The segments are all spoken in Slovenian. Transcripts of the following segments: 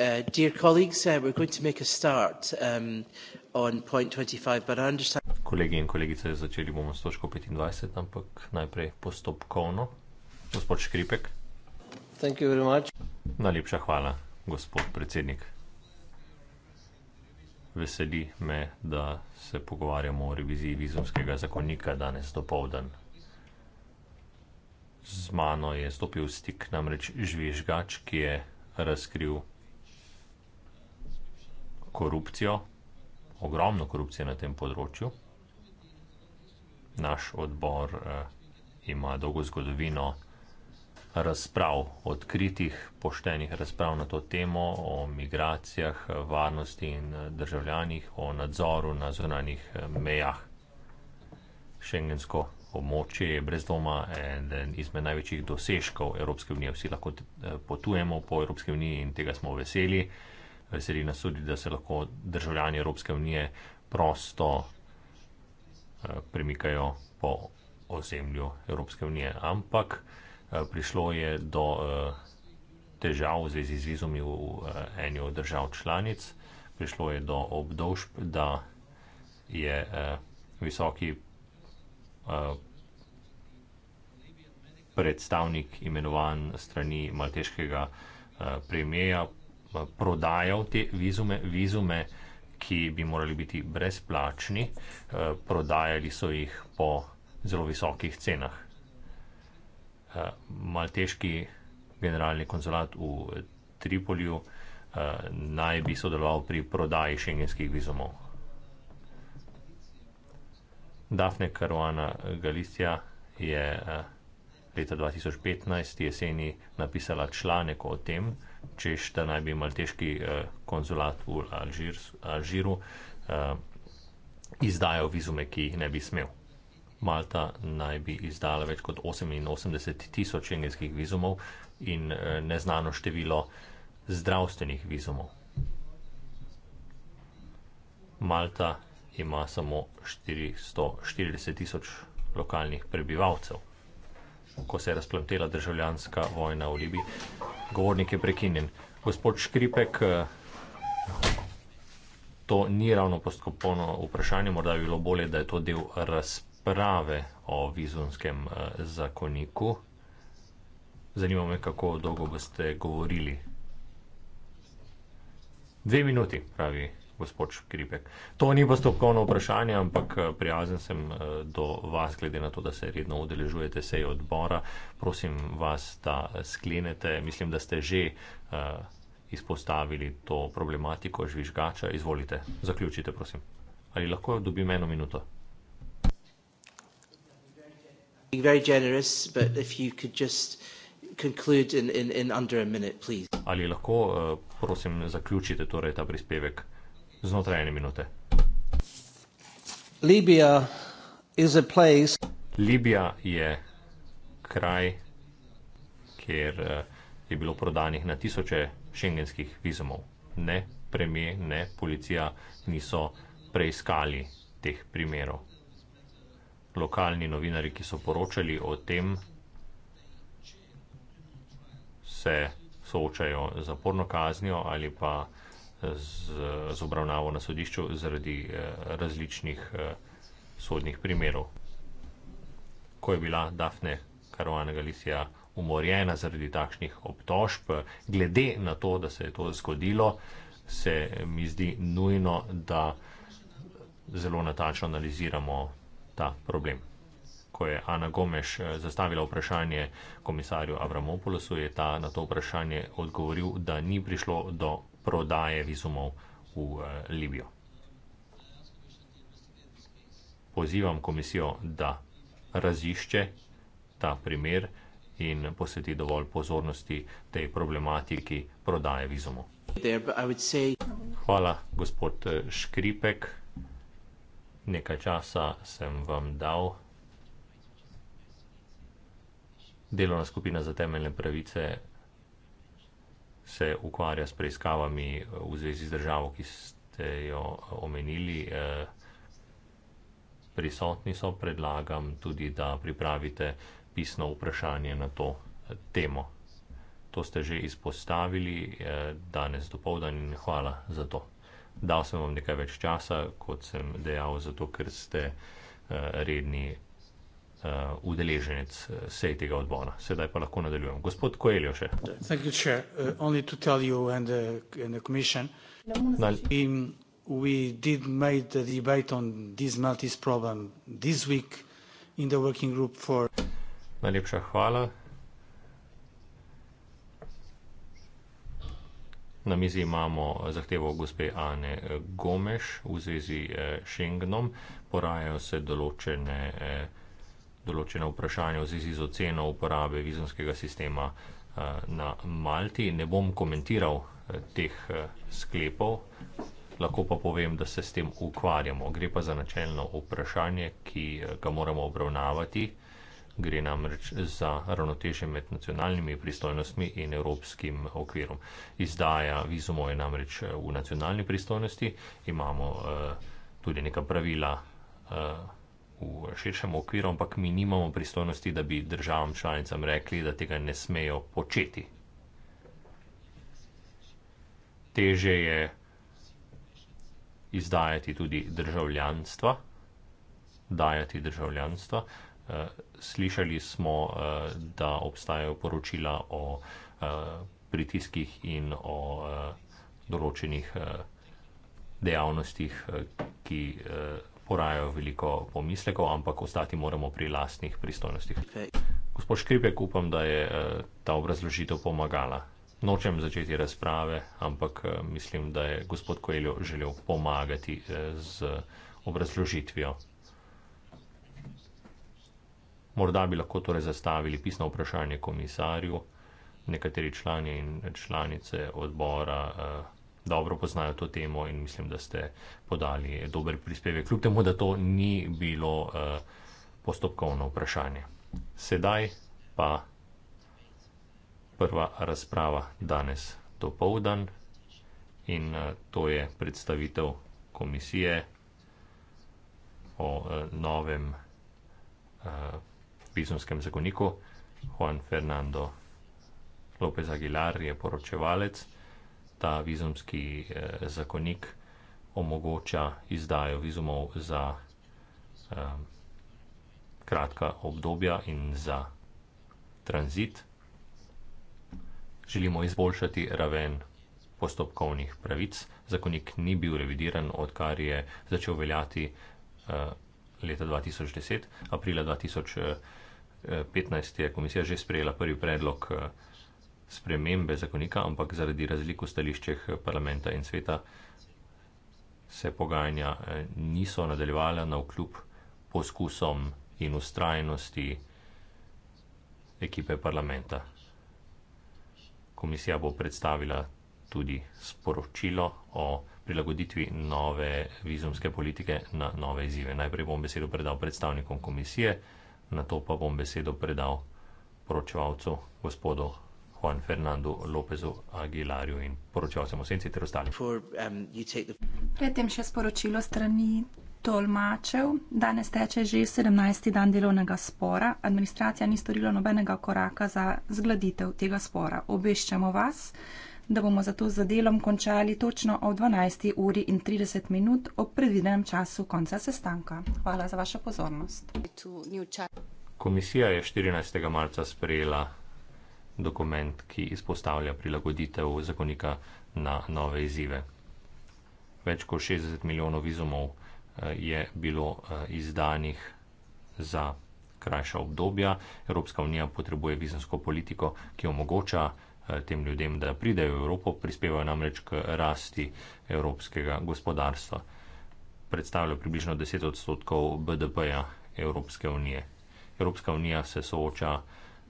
Uh, dear colleagues, uh, we're going to make a start um, on point 25, but I understand. Kolegi in kolegice, začeli bomo s točko 25, ampak najprej postopkovno. Gospod Škripek. Najlepša hvala, gospod predsednik. Veseli me, da se pogovarjamo o reviziji vizumskega zakonika danes do povdan. Z mano je stopil v stik namreč žvižgač, ki je razkril korupcijo, ogromno korupcije na tem področju. Naš odbor eh, ima dolgo zgodovino razprav, odkritih, poštenih razprav na to temo o migracijah, varnosti in eh, državljanih, o nadzoru na zunanjih eh, mejah. Šengensko območje je brez doma eden izmed največjih dosežkov Evropske unije. Vsi lahko potujemo po Evropske uniji in tega smo veseli veseli nas tudi, da se lahko državljani Evropske unije prosto eh, premikajo po ozemlju Evropske unije. Ampak eh, prišlo je do eh, težav v zvezi z vizumi v eni od držav članic, prišlo je do obdožb, da je visoki predstavnik imenovan strani malteškega premijeja Eh, prodajal te vizume, vizume, ki bi morali biti brezplačni, eh, prodajali so jih po zelo visokih cenah. Eh, malteški generalni konzulat v Tripolju naj bi sodeloval pri prodaji šengenskih vizumov. Dafne Karuana Galicija je leta 2015 jeseni napisala članek o tem, češ, da naj bi malteški eh, konzulat v Alžir, Alžiru eh, izdajal vizume, ki jih ne bi smel. Malta naj bi izdala več kot 88 tisoč engelskih vizumov in eh, neznano število zdravstvenih vizumov. Malta ima samo 440 tisoč lokalnih prebivalcev. Ko se je razplamtela državljanska vojna v Libiji, govornik je prekinjen. Gospod Škripek, eh, to ni ravno postopkovno vprašanje, morda bi bilo bolje, da je to del razprave o vizumskem eh, zakoniku. Zanima me, kako dolgo boste govorili. Dve minuti, pravi gospod Škripek. To ni postopkovno vprašanje, ampak eh, prijazen sem eh, do vas, glede na to, da se redno udeležujete sej odbora. Prosim vas, da eh, sklenete. Mislim, da ste že uh, izpostavili to problematiko žvižgača. Izvolite, zaključite, prosim. Ali lahko dobim eno minuto? Conclude in, in, in under a minute, please. Ali lahko, prosim, zaključite torej ta prispevek? znotraj ene minute. Libija je place... Libija je kraj, kjer eh, je bilo prodanih na tisoče šengenskih vizumov. Ne premije, ne policija niso preiskali teh primerov. Lokalni novinari, ki so poročali o tem, se soočajo z zaporno kaznijo ali pa z, z obravnavo na sodišču zaradi eh, različnih eh, sodnih primerov. Ko je bila Dafne Karovana Galicija umorjena zaradi takšnih obtožb, glede na to, da se je to zgodilo, se mi zdi nujno, da zelo natačno analiziramo ta problem. Ko je Ana Gomeš eh, zastavila vprašanje komisarju Avramopolosu, je ta na to vprašanje odgovoril, da ni prišlo do prodaje vizumov v eh, Libijo. Pozivam komisijo, da razišče ta primer in posveti dovolj pozornosti tej problematiki prodaje vizumov. Hvala, gospod eh, Škripek. Nekaj časa sem vam dal. Delovna skupina za temeljne pravice se ukvarja s preiskavami eh, v zvezi z državo, ki ste jo eh, omenili. Eh, prisotni so, predlagam tudi, da pripravite pisno vprašanje na to temo. To ste že izpostavili danes dopovdan in hvala za to. Dal sem vam nekaj več časa, kot sem dejal, zato ker ste redni uh, udeleženec eh, sej tega odbora. Sedaj pa lahko nadaljujemo. Gospod Koeljo še. Thank you, Chair. Uh, only to tell you and the, and the Commission. We, um, we did make the debate on this Maltese problem this week in the working group for. Najlepša hvala. Na mizi imamo zahtevo gospe Ane eh, Gomeš v zvezi s Schengenom. Porajajo se določene. Eh, določena vprašanja v zvezi z oceno uporabe vizumskega sistema eh, na Malti. Ne bom komentiral eh, teh eh, sklepov, lahko pa povem, da se s tem ukvarjamo. Gre pa za načelno vprašanje, ki ga moramo obravnavati. Gre namreč za ravnoteže med nacionalnimi pristojnostmi in evropskim okvirom. Izdaja vizumov je namreč v nacionalni pristojnosti, imamo uh, tudi neka pravila uh, v širšem okviru, ampak mi nimamo pristojnosti, da bi državam članicam rekli, da tega ne smejo početi. Teže je izdajati tudi državljanstva, dajati državljanstva. Eh, slišali smo, eh, da obstajajo poročila o eh, pritiskih in o določenih dejavnostih, ki porajajo veliko pomislekov, ampak ostati moramo pri lastnih pristojnostih. Gospod Škripek, upam, da je eh, ta obrazložitev pomagala. Nočem začeti razprave, ampak eh, mislim, da je gospod Koeljo želel pomagati eh, z obrazložitvijo. Morda bi lahko torej zastavili pisno vprašanje komisarju, nekateri člani in članice odbora. Uh, dobro poznajo to temo in mislim, da ste podali dober prispevek, kljub temu, da to ni bilo eh, postopkovno vprašanje. Sedaj pa prva razprava danes do povdan in eh, to je predstavitev komisije o eh, novem pisomskem zakoniku. Juan Fernando López Aguilar je poročevalec ta vizumski eh, zakonik omogoča izdajo vizumov za eh, kratka obdobja in za tranzit. Želimo izboljšati raven postopkovnih pravic. Zakonik ni bil revidiran, odkar je začel veljati eh, leta 2010. Aprila 2015 eh, je komisija že sprejela prvi predlog. Eh, spremembe zakonika, ampak zaradi razlik v stališčeh parlamenta in sveta se pogajanja eh, niso nadaljevala na vkljub poskusom in ustrajnosti ekipe parlamenta. Komisija bo predstavila tudi sporočilo o prilagoditvi nove vizumske politike na nove izzive. Najprej bom besedo predal predstavnikom komisije, na to pa bom besedo predal poročevalcu gospodu Juan Fernando Lopezu Aguilarju in poročal sem o senci ter ostalim. Um, Predtem še sporočilo strani tolmačev. Danes teče že 17. dan delovnega spora. Administracija ni storila nobenega koraka za zgladitev tega spora. Obeščamo vas, da bomo zato z delom končali točno o 12. uri in 30 minut ob predvidenem času konca sestanka. Hvala za vašo pozornost. Komisija je 14. marca sprejela dokument, ki izpostavlja prilagoditev zakonika na nove izzive. Več kot 60 milijonov vizumov eh, je bilo eh, izdanih za krajša obdobja. Evropska unija potrebuje vizumsko politiko, ki omogoča eh, tem ljudem, da pridejo v Evropo, prispevajo namreč k rasti evropskega gospodarstva. Predstavlja približno 10 odstotkov BDP-ja Evropske unije. Evropska unija se sooča uh,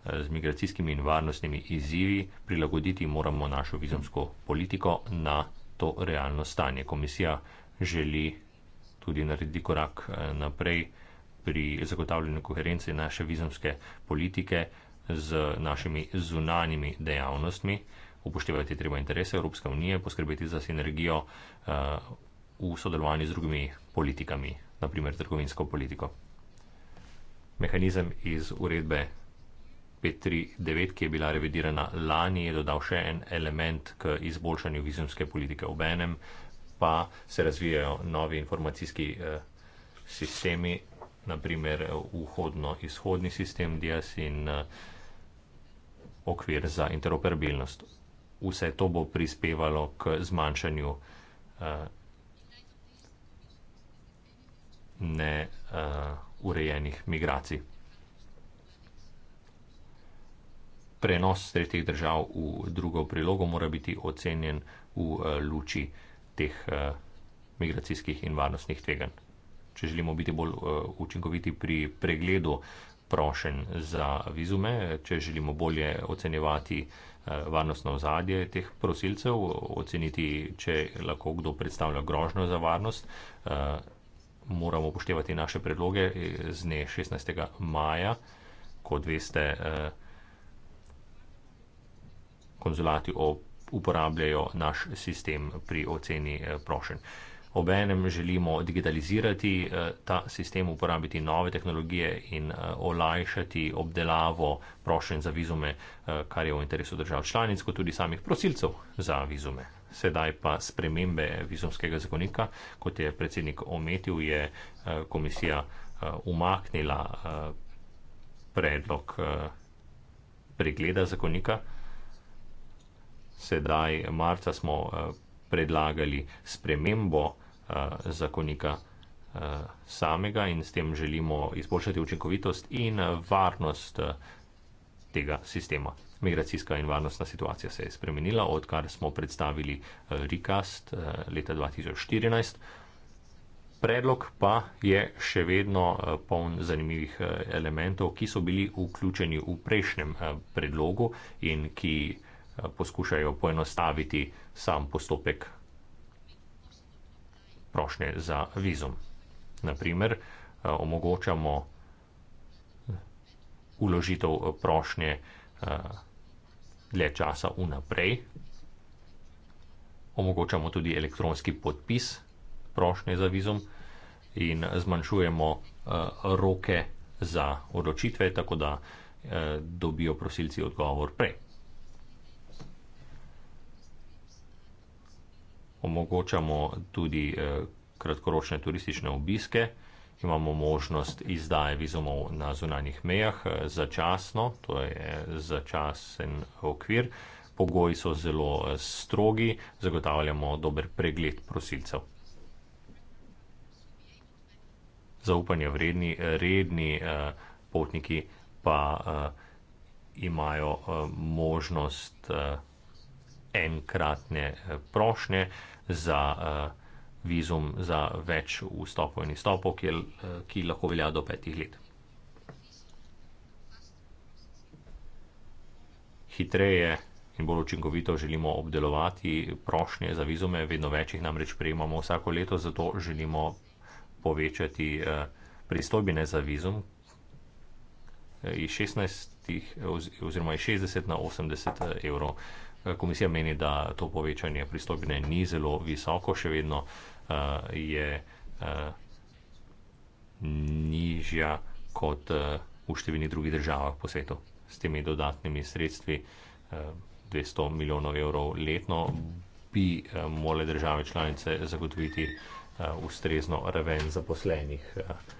z migracijskimi in varnostnimi izzivi, prilagoditi moramo našo vizumsko politiko na to realno stanje. Komisija želi tudi narediti korak eh, naprej pri zagotavljanju koherencije naše vizumske politike z našimi zunanjimi dejavnostmi, upoštevati treba interese Evropske unije, poskrbeti za sinergijo eh, v sodelovanju z drugimi politikami, naprimer trgovinsko politiko. Mehanizem iz uredbe 539, ki je bila revidirana lani, je dodal še en element k izboljšanju vizumske politike v enem, pa se razvijajo novi informacijski eh, sistemi, naprimer eh, vhodno-izhodni sistem DIAS in eh, okvir za interoperabilnost. Vse to bo prispevalo k zmanjšanju eh, neurejenih eh, migracij. prenos tretjih držav v drugo prilogo mora biti ocenjen v eh, luči teh eh, migracijskih in varnostnih tveganj. Če želimo biti bolj eh, učinkoviti pri pregledu prošen za vizume, če želimo bolje ocenjevati varnostno ozadje teh prosilcev, oceniti, če lahko kdo predstavlja grožno za varnost, moramo upoštevati naše predloge z dne 16. maja, ko veste, konzulati uporabljajo naš sistem pri oceni eh, prošenj. Obenem želimo digitalizirati eh, ta sistem, uporabiti nove tehnologije in eh, olajšati obdelavo prošenj za vizume, kar je v interesu držav članic, kot tudi samih prosilcev za vizume. Sedaj pa spremembe vizumskega zakonika, kot je predsednik ometil, je komisija umaknila predlog pregleda zakonika sedaj marca smo eh, predlagali spremembo eh, zakonika eh, samega in s tem želimo izboljšati učinkovitost in varnost tega sistema. Migracijska in varnostna situacija se je spremenila, odkar smo predstavili RICAST leta 2014. Predlog pa je še vedno poln zanimivih elementov, ki so bili vključeni v prejšnjem predlogu in ki poskušajo poenostaviti sam postopek prošnje za vizum. Naprimer, eh, omogočamo uložitev prošnje eh, dlje časa unaprej, omogočamo tudi elektronski podpis prošnje za vizum in zmanjšujemo eh, roke za odločitve, tako da dobijo prosilci odgovor prej. omogočamo tudi eh, kratkoročne turistične obiske, imamo možnost izdaje vizumov na zunanjih mejah eh, začasno, to je eh, začasen okvir, pogoji so zelo strogi, zagotavljamo dober pregled prosilcev. Zaupanje vredni, redni potniki pa imajo možnost enkratne eh, prošnje za eh, vizum za več vstopov in izstopov, ki, eh, ki lahko velja do petih let. Hitreje in bolj učinkovito želimo obdelovati prošnje za vizume, vedno več jih namreč prejemamo vsako leto, zato želimo povečati pristojbine za vizum iz 16 oziroma iz 60 na 80 evrov. Komisija meni, da to povečanje pristojbine ni zelo visoko, še vedno uh, je uh, nižja kot uh, v številni drugih državah po svetu. S temi dodatnimi sredstvi, uh, 200 milijonov evrov letno, bi uh, morale države članice zagotoviti uh, ustrezno raven zaposlenih. Uh,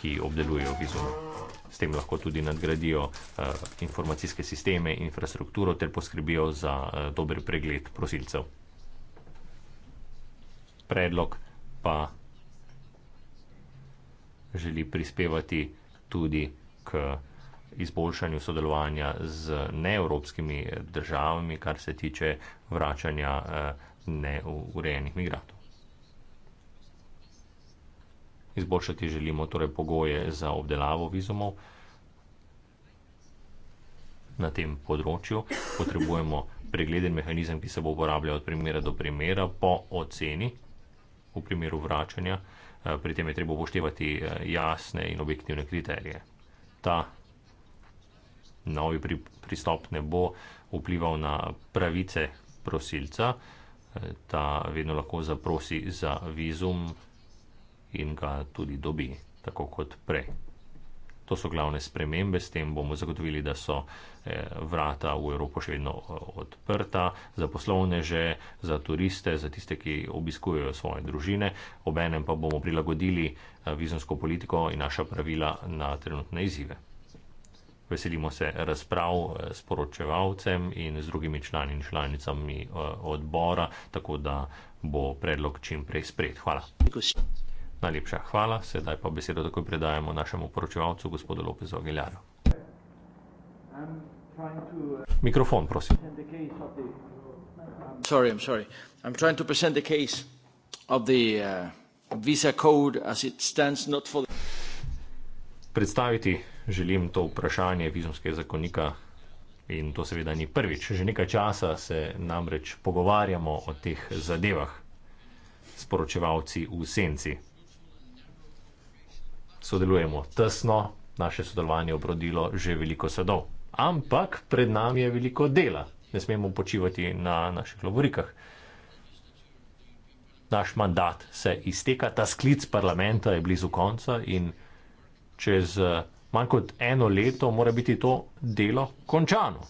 ki obdelujejo vizume. S tem lahko tudi nadgradijo uh, informacijske sisteme, infrastrukturo ter poskrbijo za uh, dober pregled prosilcev. Predlog pa želi prispevati tudi k izboljšanju sodelovanja z neevropskimi eh, državami, kar se tiče vračanja uh, neurejenih migratov. Izboljšati želimo torej pogoje za obdelavo vizumov na tem področju. Potrebujemo pregleden mehanizem, ki se bo uporabljal od primera do primera po oceni v primeru vračanja. Eh, pri tem je treba upoštevati eh, jasne in objektivne kriterije. Ta novi pristop ne bo vplival na pravice prosilca. Eh, ta vedno lahko zaprosi za vizum in ga tudi dobi, tako kot prej. To so glavne spremembe, s tem bomo zagotovili, da so eh, vrata v Evropo še vedno odprta za poslovneže, za turiste, za tiste, ki obiskujejo svoje družine. Obenem pa bomo prilagodili eh, vizonsko politiko in naša pravila na trenutne izzive. Veselimo se razprav eh, s poročevalcem in z drugimi člani in članicami odbora, tako da bo predlog čim prej spred. Hvala. Because... Najlepša hvala, sedaj pa besedo takoj predajamo našemu poročevalcu, gospodu Lopezu Aguilaru. Mikrofon, prosim. Sorry, I'm sorry. I'm trying to present the case of the uh, visa code as it stands not for the... Predstaviti želim to vprašanje vizumskega zakonika in to seveda ni prvič. Že nekaj časa se namreč pogovarjamo o teh zadevah s poročevalci v senci sodelujemo tesno, naše sodelovanje obrodilo že veliko sadov. Ampak pred nami je veliko dela, ne smemo počivati na naših laborikah. Naš mandat se izteka, ta sklic parlamenta je blizu konca in čez eh, manj kot eno leto mora biti to delo končano.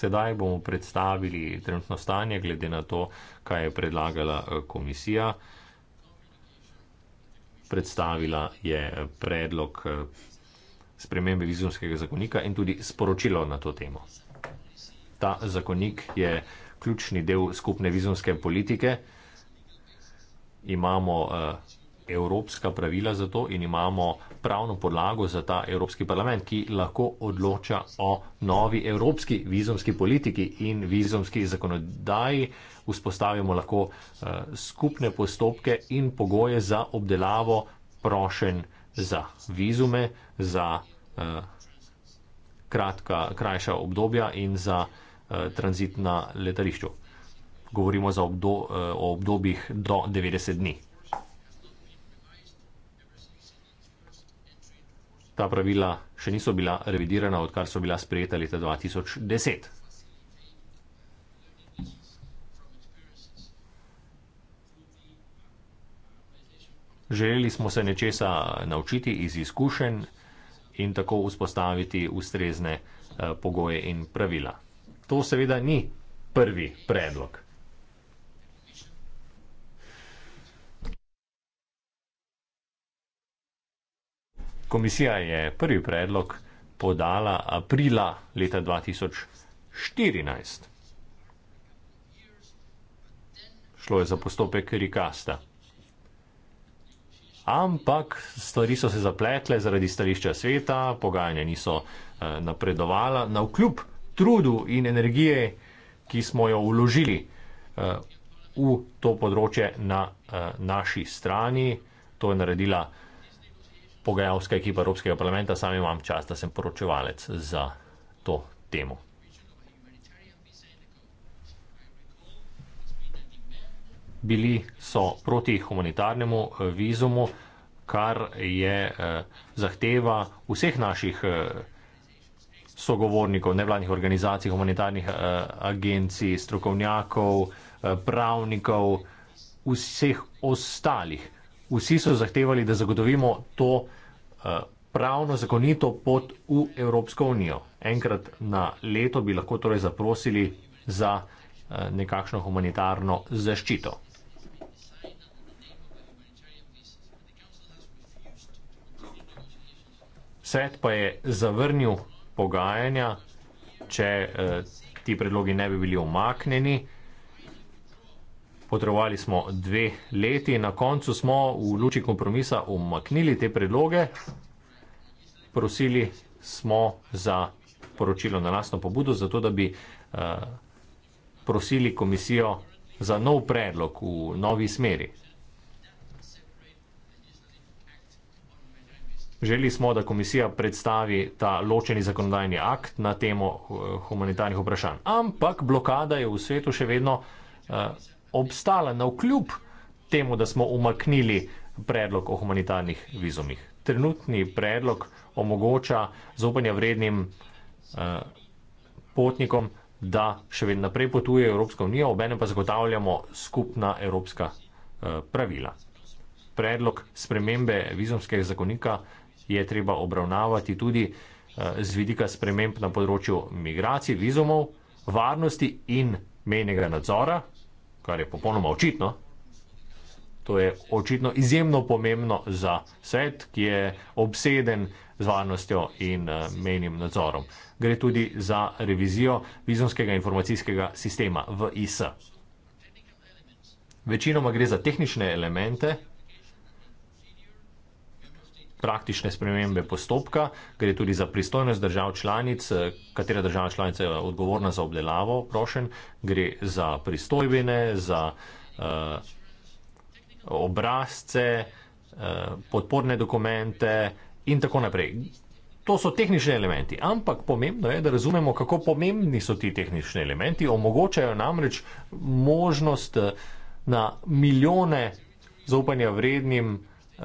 Sedaj bomo predstavili trenutno stanje, glede na to, kaj je predlagala eh, komisija. Predstavila je eh, predlog eh, spremembe vizumskega zakonika in tudi sporočilo na to temo. Ta zakonik je ključni del skupne vizumske politike. Imamo evropska pravila za to in imamo pravno podlago za ta Evropski parlament, ki lahko odloča o novi evropski vizumski politiki in vizumski zakonodaji. Vzpostavimo lahko uh, skupne postopke in pogoje za obdelavo prošen za vizume, za uh, kratka, krajša obdobja in za uh, tranzit na letališču. Govorimo obdo, uh, o obdobjih do 90 dni. ta pravila še niso bila revidirana, odkar so bila sprejeta leta 2010. Želeli smo se nečesa naučiti iz izkušenj in tako vzpostaviti ustrezne eh, pogoje in pravila. To seveda ni prvi predlog. Komisija je prvi predlog podala aprila leta 2014. Šlo je za postopek rikasta. Ampak stvari so se zapletle zaradi stališča sveta, pogajanja niso eh, napredovala, na vkljub trudu in energije, ki smo jo uložili eh, v to področje na eh, naši strani, to je naredila pogajalska ekipa Evropskega parlamenta, sam imam čas, da sem poročevalec za to temo. Bili so proti humanitarnemu eh, vizumu, kar je eh, zahteva vseh naših eh, sogovornikov, nevladnih organizacij, humanitarnih agencij, strokovnjakov, pravnikov, vseh ostalih. Vsi so zahtevali, da zagotovimo to eh, pravno zakonito pot v Evropsko unijo. Enkrat na leto bi lahko torej zaprosili za eh, nekakšno humanitarno zaščito. Svet pa je zavrnil pogajanja, če eh, ti predlogi ne bi bili omaknjeni. Potrebovali smo dve leti, na koncu smo v luči kompromisa umaknili te predloge, prosili smo za poročilo na lastno pobudo, zato da bi uh, prosili komisijo za nov predlog v novi smeri. Želi smo, da komisija predstavi ta ločeni zakonodajni akt na temo eh, humanitarnih vprašanj. Ampak blokada je v svetu še vedno uh, obstala na vkljub temu, da smo umaknili predlog o humanitarnih vizumih. Trenutni predlog omogoča zaupanja vrednim uh, potnikom, da še vedno naprej potuje Evropska unija, obenem pa zagotavljamo skupna evropska uh, pravila. Predlog spremembe vizumskega zakonika je treba obravnavati tudi uh, z vidika sprememb na področju migracij, vizumov, varnosti in menjega nadzora, kar je popolnoma očitno. To je očitno izjemno pomembno za svet, ki je obseden z varnostjo in uh, menim nadzorom. Gre tudi za revizijo vizumskega informacijskega sistema VIS. Večinoma gre za tehnične elemente, praktične spremembe postopka, gre tudi za pristojnost držav članic, eh, katera država članica je odgovorna za obdelavo prošen, gre za pristojbine, za uh, obrazce, uh, podporne dokumente in tako naprej. To so tehnični elementi, ampak pomembno je, da razumemo, kako pomembni so ti tehnični elementi. Omogočajo namreč možnost na milijone zaupanja vrednim uh,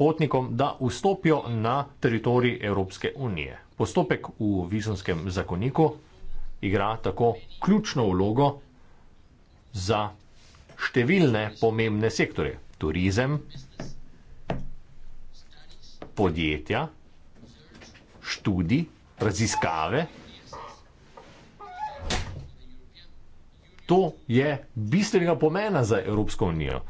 potnikom, da vstopijo na teritorij Evropske unije. Postopek v vizumskem zakoniku igra tako ključno vlogo za številne pomembne sektore: turizem, podjetja, študi, raziskave. To je bistvenega pomena za Evropsko unijo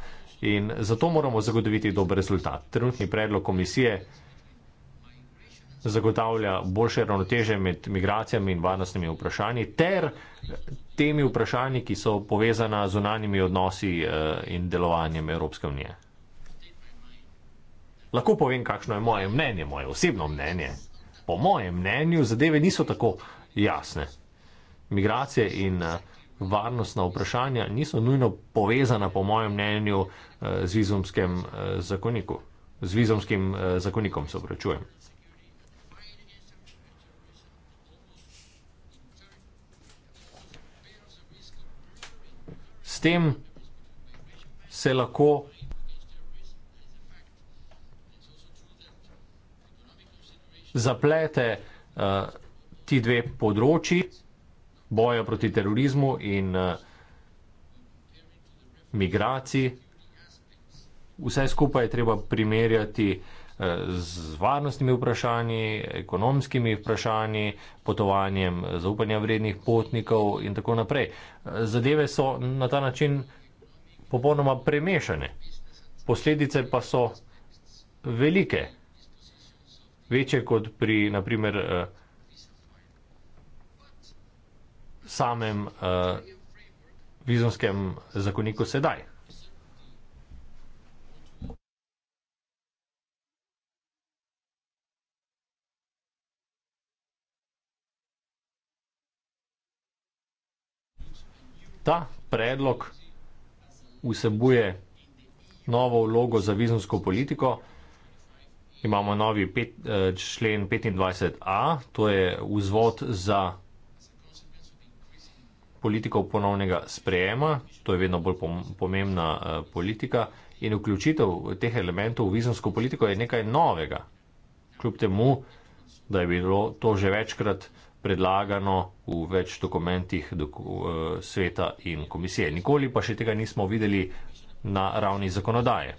in zato moramo zagotoviti dober rezultat. Trenutni predlog komisije zagotavlja boljše ravnoteže med migracijami in varnostnimi vprašanji ter temi vprašanji, ki so povezana z unanjimi odnosi eh, in delovanjem Evropske unije. Lahko povem, kakšno je moje mnenje, moje osebno mnenje. Po mojem mnenju zadeve niso tako jasne. Migracije in uh, varnostna vprašanja niso nujno povezana, po mojem mnenju, eh, z vizumskim eh, zakoniku. Z vizumskim eh, zakonikom se obračujem. S tem se lahko zaplete uh, ti dve področji boja proti terorizmu in eh, migraciji. Vse skupaj je treba primerjati eh, z varnostnimi vprašanji, ekonomskimi vprašanji, potovanjem zaupanja vrednih potnikov in tako naprej. Eh, zadeve so na ta način popolnoma premešane, posledice pa so velike, večje kot pri, naprimer, samem uh, vizumskem zakoniku sedaj. Ta predlog vsebuje novo vlogo za vizumsko politiko. Imamo novi pet, eh, člen 25a, to je vzvod za politikov ponovnega sprejema, to je vedno bolj pomembna eh, politika, in vključitev teh elementov v vizumsko politiko je nekaj novega. Kljub temu, da je bilo to že večkrat predlagano v več dokumentih eh, sveta in komisije. Nikoli pa še tega nismo videli na ravni zakonodaje.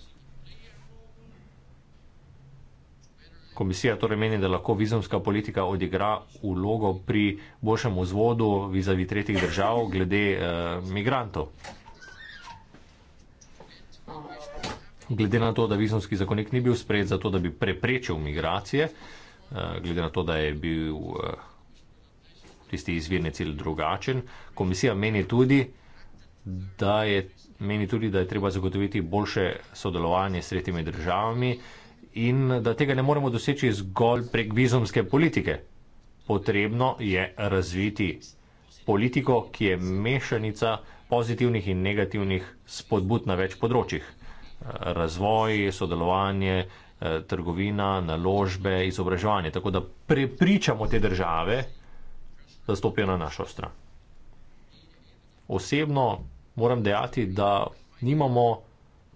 Komisija torej meni, da lahko vizumska politika odigra ulogo pri boljšem vzvodu vizavi tretjih držav glede eh, migrantov. Glede na to, da vizumski zakonik ni bil sprejet za to, da bi preprečil migracije, eh, glede na to, da je bil eh, tisti izvirni cilj drugačen, komisija meni tudi, da je, meni tudi, da je treba zagotoviti boljše sodelovanje s tretjimi državami in da tega ne moremo doseči zgolj prek vizumske politike. Potrebno je razviti politiko, ki je mešanica pozitivnih in negativnih spodbud na več področjih. Razvoj, sodelovanje, trgovina, naložbe, izobraževanje. Tako da prepričamo te države, da stopijo na našo stran. Osebno moram dejati, da nimamo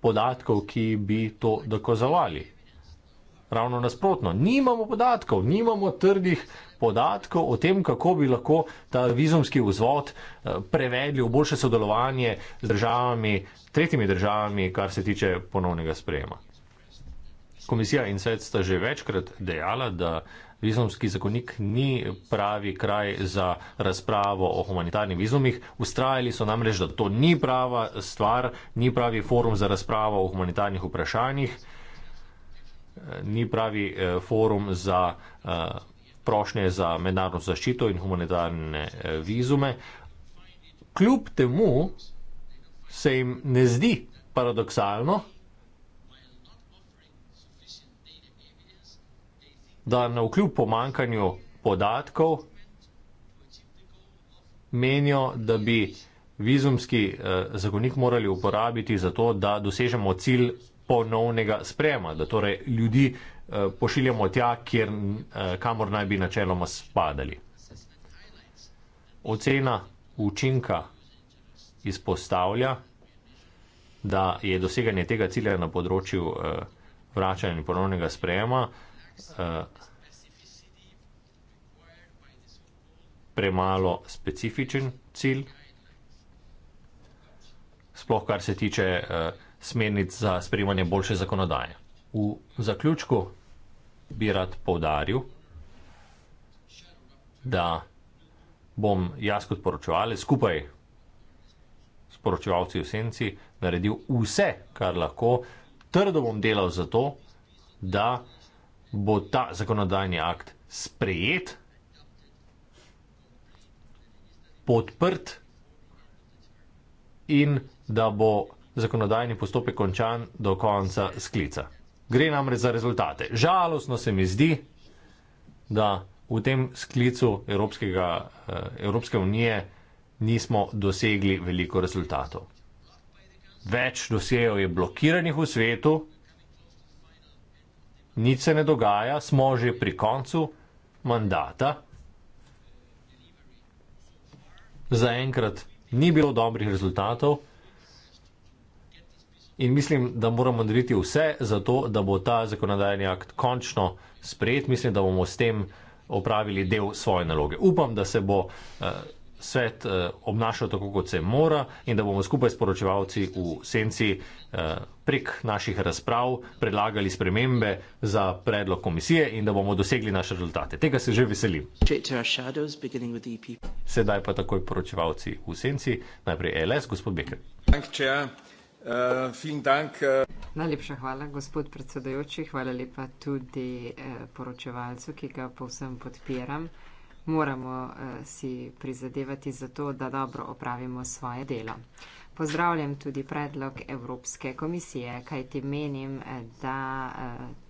podatkov, ki bi to dokazovali. Ravno nasprotno, nimamo podatkov, nimamo trdih podatkov o tem, kako bi lahko ta vizumski vzvod eh, prevedli v boljše sodelovanje z državami, tretjimi državami, kar se tiče ponovnega sprejema. Komisija in svet sta že večkrat dejala, da vizumski zakonik ni pravi kraj za razpravo o humanitarnih vizumih. Ustrajali so namreč, da to ni prava stvar, ni pravi forum za razpravo o humanitarnih vprašanjih ni pravi eh, forum za eh, prošnje za mednarodno zaščito in humanitarne eh, vizume. Kljub temu se jim ne zdi paradoksalno, da na vkljub pomankanju podatkov menijo, da bi vizumski zagonik morali uporabiti za to, da dosežemo cilj ponovnega sprejema, da torej ljudi eh, pošiljamo tja, kjer, eh, kamor naj bi načeloma spadali. Ocena učinka izpostavlja, da je doseganje tega cilja na področju eh, vračanja in ponovnega sprejema premalo specifičen cilj, sploh kar se tiče vračanja, smernic za sprejemanje boljše zakonodaje. V zaključku bi rad povdaril, da bom jaz kot poročevalec skupaj s poročevalci v senci naredil vse, kar lahko, trdo bom delal za to, da bo ta zakonodajni akt sprejet, podprt in da bo zakonodajni postopek končan do konca sklica. Gre namreč za rezultate. Žalostno se mi zdi, da v tem sklicu Evropskega, eh, Evropske unije nismo dosegli veliko rezultatov. Več dosejev je blokiranih v svetu, nič se ne dogaja, smo že pri koncu mandata. Zaenkrat ni bilo dobrih rezultatov. In mislim, da moramo narediti vse za to, da bo ta zakonodajni akt končno sprejet. Mislim, da bomo s tem opravili del svoje naloge. Upam, da se bo uh, svet uh, obnašal tako, kot se mora in da bomo skupaj s poročevalci v senci uh, prek naših razprav predlagali spremembe za predlog komisije in da bomo dosegli naše rezultate. Tega se že veselim. Shadows, e Sedaj pa takoj poročevalci v senci, najprej e LS, gospod Beker. Thank you, Eh, vielen Dank. Eh. Najlepša hvala, gospod predsedojoči, hvala lepa tudi eh, poročevalcu, ki ga povsem podpiram. Moramo si prizadevati za to, da dobro opravimo svoje delo. Pozdravljam tudi predlog Evropske komisije, kajti menim, da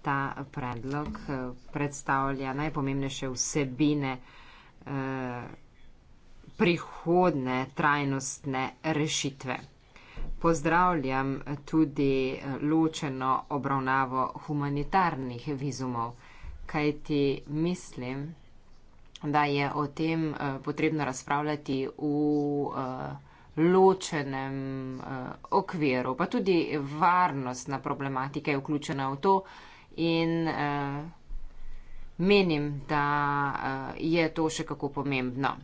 ta predlog predstavlja najpomembnejše vsebine prihodne trajnostne rešitve pozdravljam tudi eh, ločeno obravnavo humanitarnih vizumov, kajti mislim, da je o tem eh, potrebno razpravljati v eh, ločenem okviru, pa tudi varnostna problematika je vključena v to in menim, da je to še kako pomembno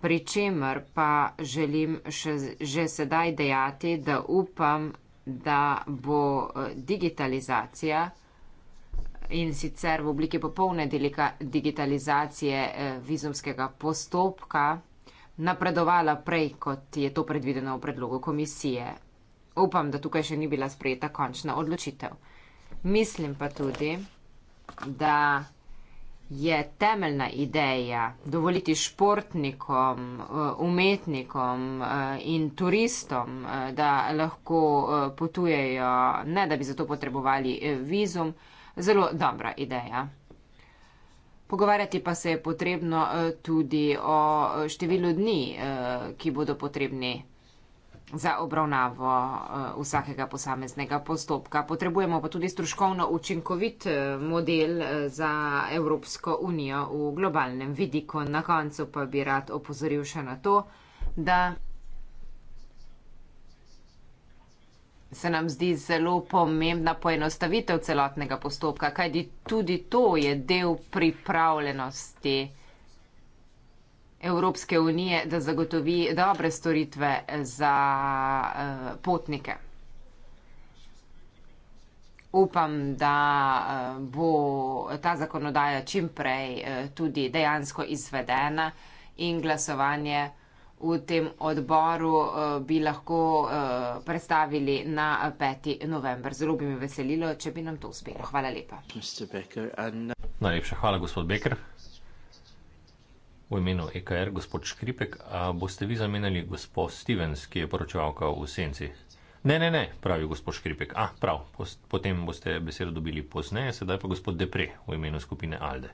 pri čemer pa želim še, že sedaj dejati, da upam, da bo eh, digitalizacija in sicer v obliki popolne digitalizacije eh, vizumskega postopka napredovala prej, kot je to predvideno v predlogu komisije. Upam, da tukaj še ni bila sprejeta končna odločitev. Mislim pa tudi, da je temeljna ideja dovoliti športnikom, eh, umetnikom eh, in turistom, eh, da lahko potujejo, ne da bi zato potrebovali vizum, zelo dobra ideja. Pogovarjati pa se je potrebno tudi o številu dni, ki bodo potrebni za obravnavo eh, vsakega posameznega postopka. Potrebujemo pa tudi stroškovno učinkovit eh, model eh, za Evropsko unijo v globalnem vidiku. Na koncu pa bi rad opozoril še na to, da se nam zdi zelo pomembna poenostavitev celotnega postopka, kajdi tudi to je del pripravljenosti. Evropske unije, da zagotovi dobre storitve za uh, potnike. Upam, da uh, bo ta zakonodaja čimprej uh, eh, tudi dejansko izvedena in glasovanje v tem odboru uh, bi lahko uh, predstavili na 5. november. Zelo bi me veselilo, če bi nam to uspelo. Hvala lepa. Becker, and... Najlepša hvala, gospod Becker. V imenu EKR, gospod Škripek, a boste vi zamenjali gospo Stevens, ki je poročevalka v senci? Ne, ne, ne, pravi gospod Škripek. A, prav, post, potem boste besedo dobili pozneje, sedaj pa gospod Depre v imenu skupine Alde.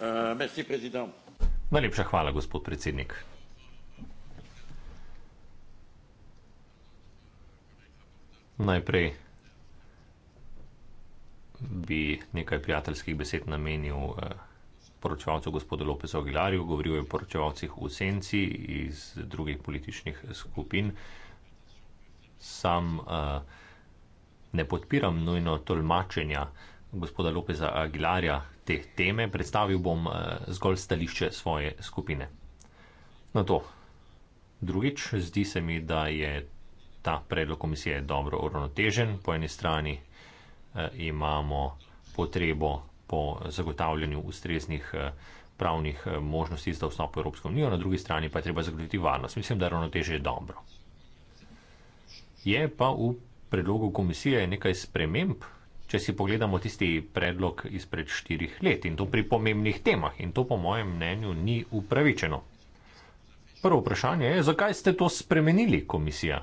Uh, merci, president. Najlepša hvala, gospod predsednik. Najprej bi nekaj prijateljskih besed namenil. Uh, poročevalcu gospodu Lopesu Aguilarju, govoril je o poročevalcih v senci iz drugih političnih skupin. Sam uh, ne podpiram nujno tolmačenja gospoda Lopesa Aguilarja te teme, predstavil bom uh, zgolj stališče svoje skupine. Na to. Drugič, zdi se mi, da je ta predlog komisije dobro uravnotežen. Po eni strani uh, imamo potrebo po zagotavljanju ustreznih eh, pravnih eh, možnosti za vstop v Evropsko unijo, na drugi strani pa je treba zagotoviti varnost. Mislim, da ravnoteže je dobro. Je pa v predlogu komisije nekaj sprememb, če si pogledamo tisti predlog izpred štirih let in to pri pomembnih temah in to po mojem mnenju ni upravičeno. Prvo vprašanje je, zakaj ste to spremenili, komisija?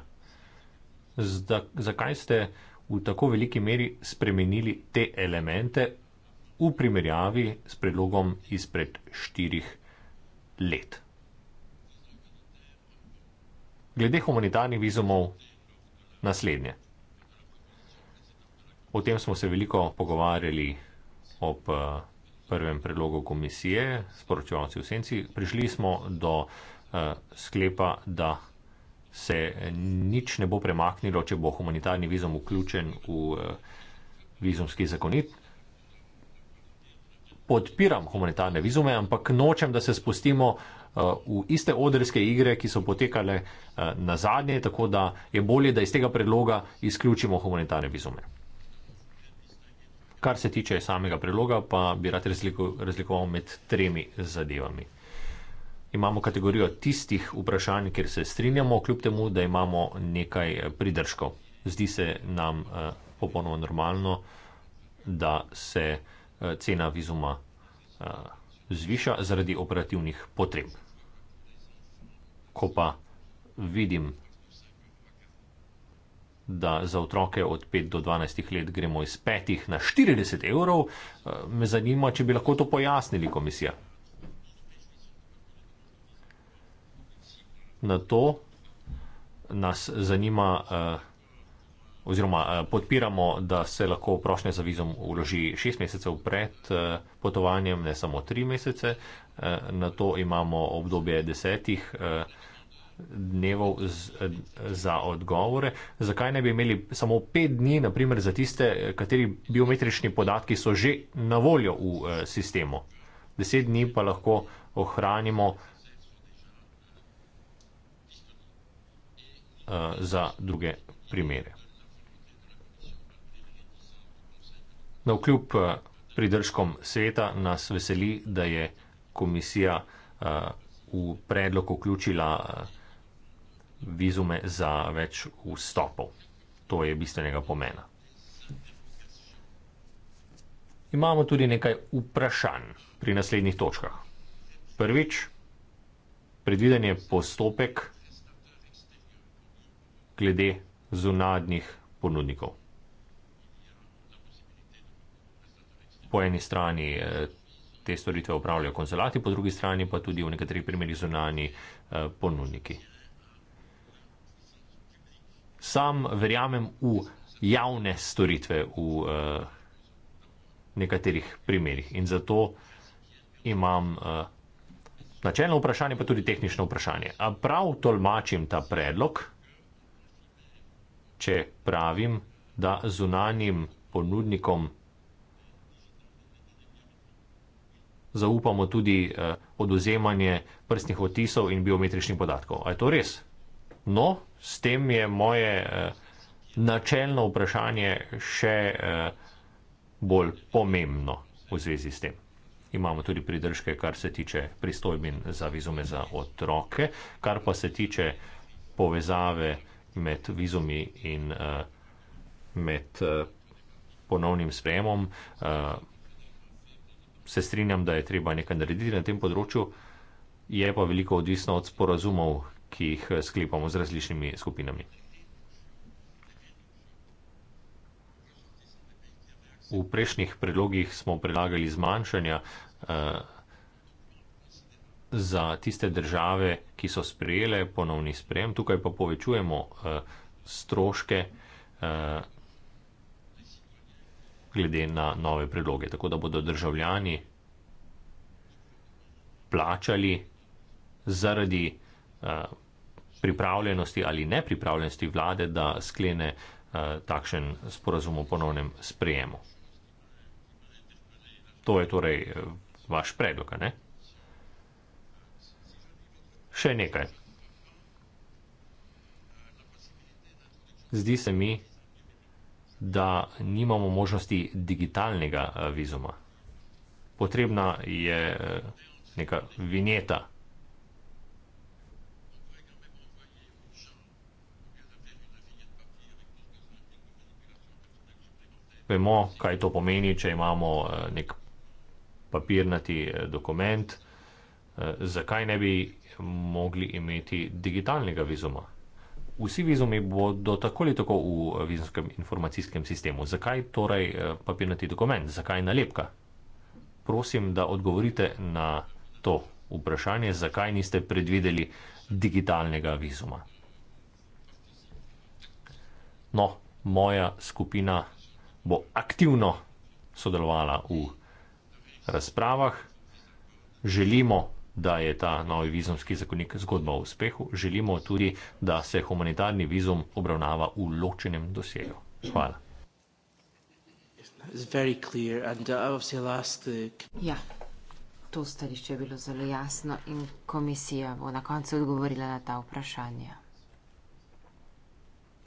Zda, zakaj ste v tako veliki meri spremenili te elemente v primerjavi s predlogom izpred štirih let. Glede humanitarnih vizumov naslednje. O tem smo se veliko pogovarjali ob eh, prvem predlogu komisije, sporočevalci v senci. Prišli smo do uh, sklepa, da se nič ne bo premaknilo, če bo humanitarni vizum vključen v uh, vizumski zakonit, podpiram humanitarne vizume, ampak nočem, da se spustimo eh, v iste odrske igre, ki so potekale eh, na zadnje, tako da je bolje, da iz tega predloga izključimo humanitarne vizume. Kar se tiče samega predloga, pa bi rad razlikoval med tremi zadevami. Imamo kategorijo tistih vprašanj, kjer se strinjamo, kljub temu, da imamo nekaj eh, pridržkov. Zdi se nam popolnoma normalno, da se. Eh, cena vizuma eh, zviša zaradi operativnih potreb. Ko pa vidim, da za otroke od 5 do 12 let gremo iz 5 na 40 evrov, eh, me zanima, če bi lahko to pojasnili komisija. Na to nas zanima. Uh, oziroma eh, podpiramo, da se lahko prošnja za vizum uloži šest mesecev pred eh, potovanjem, ne samo tri mesece. Eh, na to imamo obdobje desetih dnevov za odgovore. Zakaj ne bi imeli samo pet dni, naprimer za tiste, kateri biometrični podatki so že na voljo v sistemu? Deset dni pa lahko ohranimo za druge primere. Na vkljub eh, pridržkom sveta nas veseli, da je komisija eh, v predlog vključila eh, vizume za več vstopov. To je bistvenega pomena. Imamo tudi nekaj vprašanj pri naslednjih točkah. Prvič, predviden je postopek glede zunadnjih ponudnikov. po eni strani eh, te storitve upravljajo konzulati, po drugi strani pa tudi v nekaterih primerih zunani eh, ponudniki. Sam verjamem v javne storitve v eh, nekaterih primerih in zato imam načelno vprašanje, pa tudi tehnično vprašanje. A prav tolmačim ta predlog, če pravim, da zunanim ponudnikom zaupamo tudi eh, oduzemanje prstnih otisov in biometričnih podatkov. A je to res? No, s tem je moje eh, načelno vprašanje še eh, bolj pomembno v zvezi s tem. Imamo tudi pridržke, kar se tiče pristojbin za vizume za otroke, kar pa se tiče povezave med vizumi in med ponovnim sprejemom, se strinjam, da je treba nekaj narediti na tem področju, je pa veliko odvisno od sporazumov, ki jih eh, sklepamo z različnimi skupinami. V prejšnjih predlogih smo predlagali zmanjšanja eh, za tiste države, ki so sprejele ponovni sprejem. Tukaj pa povečujemo eh, stroške. Eh, glede na nove predloge. Tako da bodo državljani plačali zaradi eh, pripravljenosti ali nepripravljenosti vlade, da sklene eh, takšen sporazum o ponovnem sprejemu. To je torej eh, vaš predlog, ne? Še nekaj. Zdi se mi, da nimamo možnosti digitalnega eh, vizuma. Potrebna je eh, neka vinjeta. Vemo, kaj to pomeni, če imamo eh, nek papirnati dokument. Zakaj ne bi mogli imeti digitalnega vizuma? vsi vizumi bodo tako ali tako v eh, vizumskem informacijskem sistemu. Zakaj torej eh, papirnati dokument, zakaj nalepka? Prosim, da odgovorite na to vprašanje, zakaj niste predvideli digitalnega vizuma. No, moja skupina bo aktivno sodelovala v razpravah. Želimo da je ta novi vizumski zakonik zgodba o uspehu, želimo tudi, da se humanitarni vizum obravnava v ločenem dosjeju. Hvala. Uh, uh, ja, to stališče je bilo zelo jasno in komisija bo na koncu odgovorila na ta vprašanja.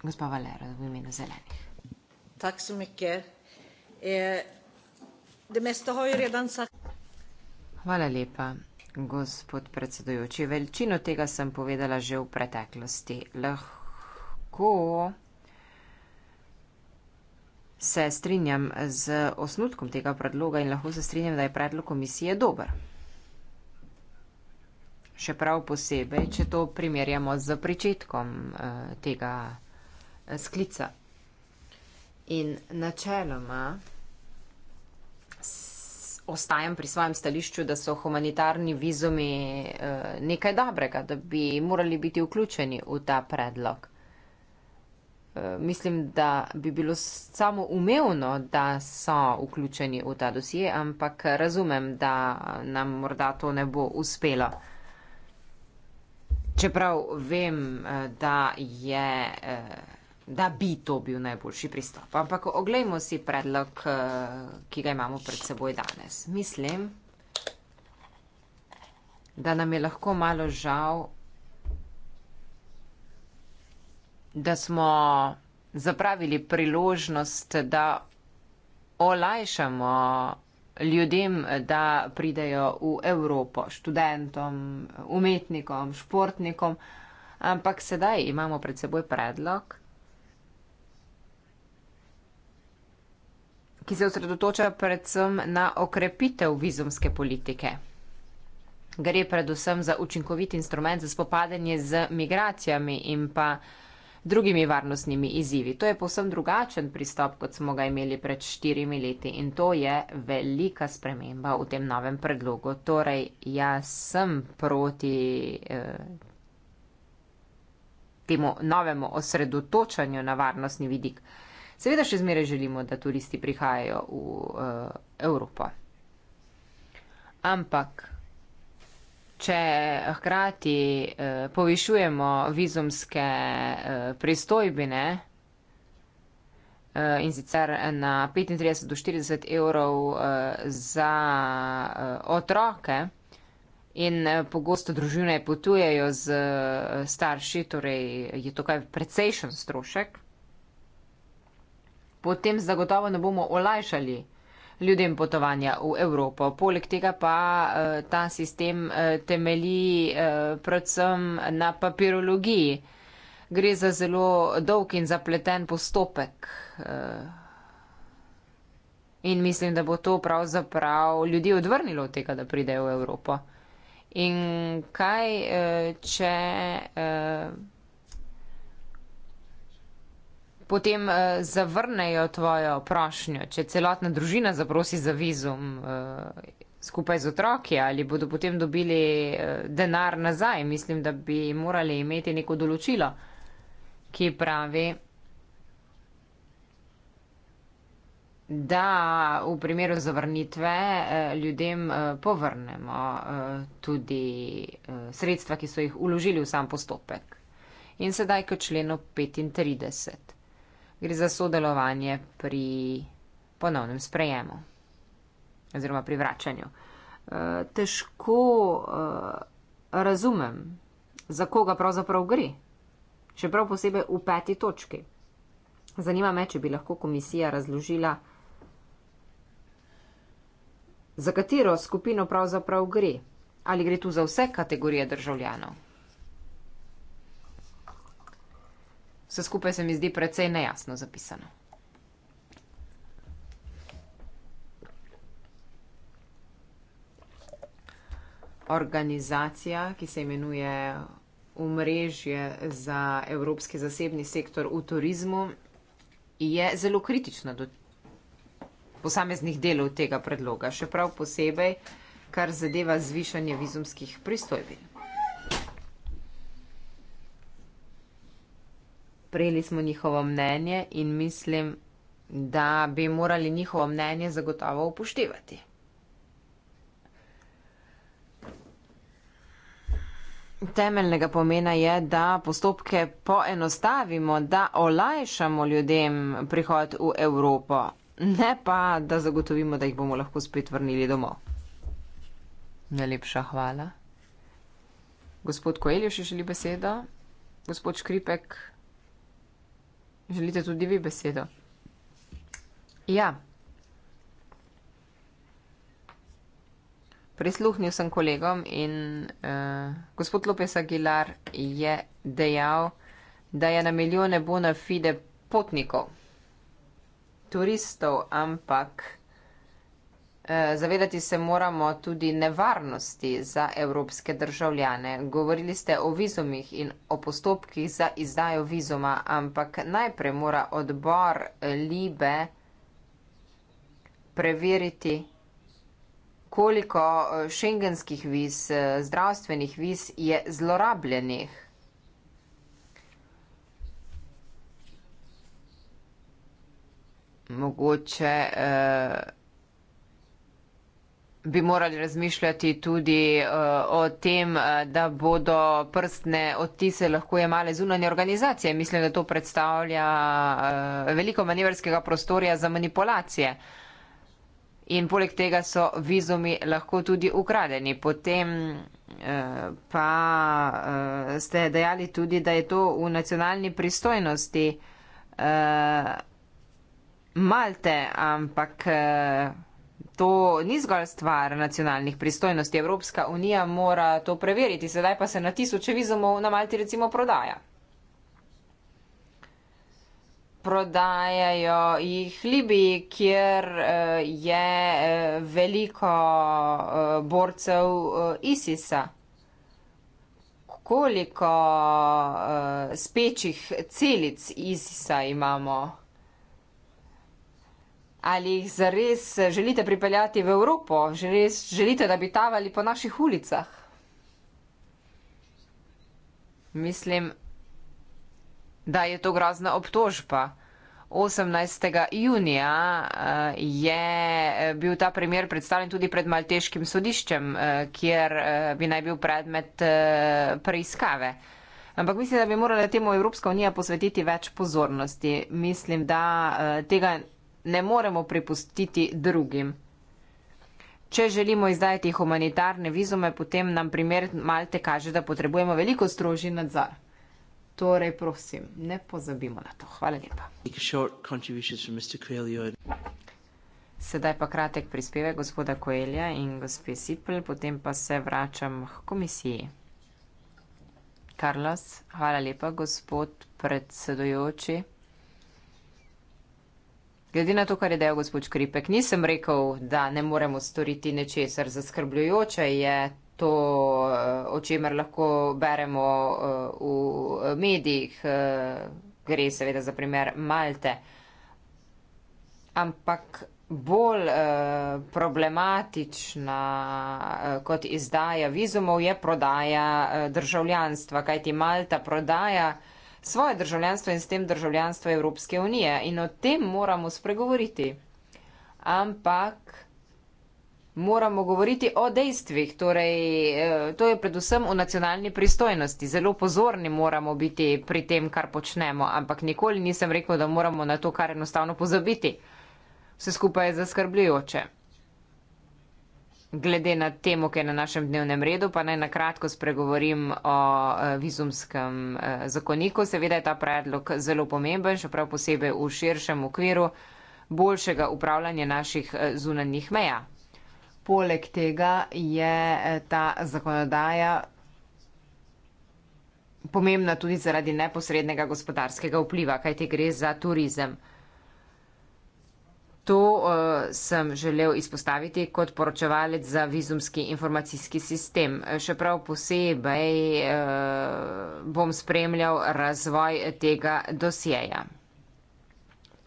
Gospa Valero, v imenu zelenih. Eh, Hvala lepa. Gospod predsedujoči, velikino tega sem povedala že v preteklosti. Lahko se strinjam z osnutkom tega predloga in lahko se strinjam, da je predlog komisije dober. Še prav posebej, če to primerjamo z pričetkom eh, tega eh, sklica. In načeloma ostajam pri svojem stališču, da so humanitarni vizumi eh, nekaj dobrega, da bi morali biti vključeni v ta predlog. Eh, mislim, da bi bilo samo umevno, da so vključeni v ta dosije, ampak razumem, da nam morda to ne bo uspelo. Čeprav vem, eh, da je da bi to bil najboljši pristop. Ampak oglejmo si predlog, eh, ki ga imamo pred seboj danes. Mislim, da nam je lahko malo žal, da smo zapravili priložnost, da olajšamo ljudem, da pridejo v Evropo, študentom, umetnikom, športnikom, ampak sedaj imamo pred seboj predlog, ki se osredotoča predvsem na okrepitev vizumske politike. Gre predvsem za učinkovit instrument za spopadanje z migracijami in pa drugimi varnostnimi izzivi. To je posebno drugačen pristop, kot smo ga imeli pred štirimi leti in to je velika sprememba v tem novem predlogu. Torej, jaz sem proti eh, temu novemu osredotočanju na varnostni vidik. Eh, seveda še zmeraj želimo, da turisti prihajajo v uh, Evropo. Ampak, če hkrati uh, povišujemo vizumske uh, pristojbine, In sicer na 35 do 40 evrov za otroke in pogosto družine potujejo z starši, torej je to kaj precejšen strošek potem zagotovo ne bomo olajšali ljudem potovanja v Evropo. Poleg tega pa eh, ta sistem eh, temelji eh, predvsem na papirologiji. Gre za zelo dolg in zapleten postopek. In mislim, da bo to pravzaprav ljudi odvrnilo od tega, da pridejo v Evropo. In kaj, če potem uh, zavrnejo tvojo prošnjo, če celotna družina zaprosi za vizum uh, skupaj z otroki, ali bodo potem dobili uh, denar nazaj. Mislim, da bi morali imeti neko določilo, ki pravi, da v primeru zavrnitve uh, ljudem uh, povrnemo uh, tudi uh, sredstva, ki so jih uložili v sam postopek. In sedaj k členu 35 gre za sodelovanje pri ponovnem sprejemu oziroma pri vračanju. Eh, težko eh, razumem, za koga pravzaprav gre, še prav posebej v peti točki. Zanima me, če bi lahko komisija razložila, za katero skupino pravzaprav gre. Ali gre tu za vse kategorije državljanov? Vse skupaj se mi zdi precej nejasno zapisano. Organizacija, ki se imenuje Umrežje za evropski zasebni sektor v turizmu, je zelo kritična do posameznih delov tega predloga, še prav posebej, kar zadeva zvišanje vizumskih pristojbin. prejeli smo njihovo mnenje in mislim, da bi morali njihovo mnenje zagotovo upoštevati. Temeljnega pomena je, da postopke poenostavimo, da olajšamo ljudem prihod v Evropo, ne pa, da zagotovimo, da jih bomo lahko spet vrnili domov. Najlepša hvala. Gospod Koeljo, še želi besedo? Gospod Škripek, Želite tudi vi besedo? Ja. Prisluhnil sem kolegom in uh, gospod Lopes Aguilar je dejal, da je na milijone bona fide potnikov, turistov, ampak Eh, zavedati se moramo tudi nevarnosti za evropske državljane. Govorili ste o vizumih in o postopkih za izdajo vizuma, ampak najprej mora odbor Libe preveriti, koliko eh, šengenskih viz, eh, zdravstvenih viz je zlorabljenih. Mogoče. Uh, bi morali razmišljati tudi uh, o tem, eh, da bodo prstne odtise lahko jemale zunanje organizacije. Mislim, da to predstavlja uh, veliko manevrskega prostorja za manipulacije. In poleg tega so vizumi lahko tudi ukradeni. Potem uh, pa uh, ste dejali tudi, da je to v nacionalni pristojnosti uh, Malte, ampak. Uh, to ni zgolj stvar nacionalnih pristojnosti. Evropska unija mora to preveriti. Sedaj pa se na tisoče vizumov na Malti recimo prodaja. Prodajajo jih Libiji, kjer eh, je eh, veliko eh, borcev ISIS-a. Koliko spečih celic ISIS-a imamo? ali jih zares želite pripeljati v Evropo, res želite, da bi tavali po naših ulicah. Mislim, da je to grozna obtožba. 18. junija eh, je eh, bil ta primer predstavljen tudi pred Malteškim sodiščem, eh, kjer bi naj bil predmet preiskave. Ampak mislim, da bi morala temu Evropska unija posvetiti več pozornosti. Mislim, da tega ne moremo prepustiti drugim. Če želimo izdajati humanitarne vizume, potem nam primer Malte kaže, da potrebujemo veliko strožji nadzor. Torej, prosim, ne pozabimo na to. Hvala lepa. Sedaj pa kratek prispevek gospoda Koelja in gospe Sipl, potem pa se vračam k komisiji. Carlos, hvala lepa, gospod predsedujoči. Glede na to, kar je dejal gospod Škripek, nisem rekel, da ne moremo storiti nečesar zaskrbljujoče. Je to, eh, o čemer lahko beremo eh, v eh, medijih, gre seveda za primer Malte. Ampak bolj problematična kot izdaja vizumov je prodaja državljanstva, kajti Malta prodaja svoje državljanstvo in s tem državljanstvo Evropske unije in o tem moramo spregovoriti. Ampak moramo govoriti o dejstvih, torej eh, to je predvsem v nacionalni pristojnosti. Zelo pozorni moramo biti pri tem, kar počnemo, ampak nikoli nisem rekel, da moramo na to kar enostavno pozabiti. Vse skupaj je zaskrbljujoče. Glede na temo, ki je na našem dnevnem redu, pa naj na kratko spregovorim o e, vizumskem e, zakoniku. Seveda je ta predlog zelo pomemben, še prav posebej v širšem okviru boljšega upravljanja naših e, zunanjih meja. Poleg tega je ta zakonodaja pomembna tudi zaradi neposrednega gospodarskega vpliva, kajti gre za turizem. To uh, sem želel izpostaviti kot poročevalec za vizumski informacijski sistem. Eh, še prav posebej uh, bom spremljal razvoj tega dosjeja.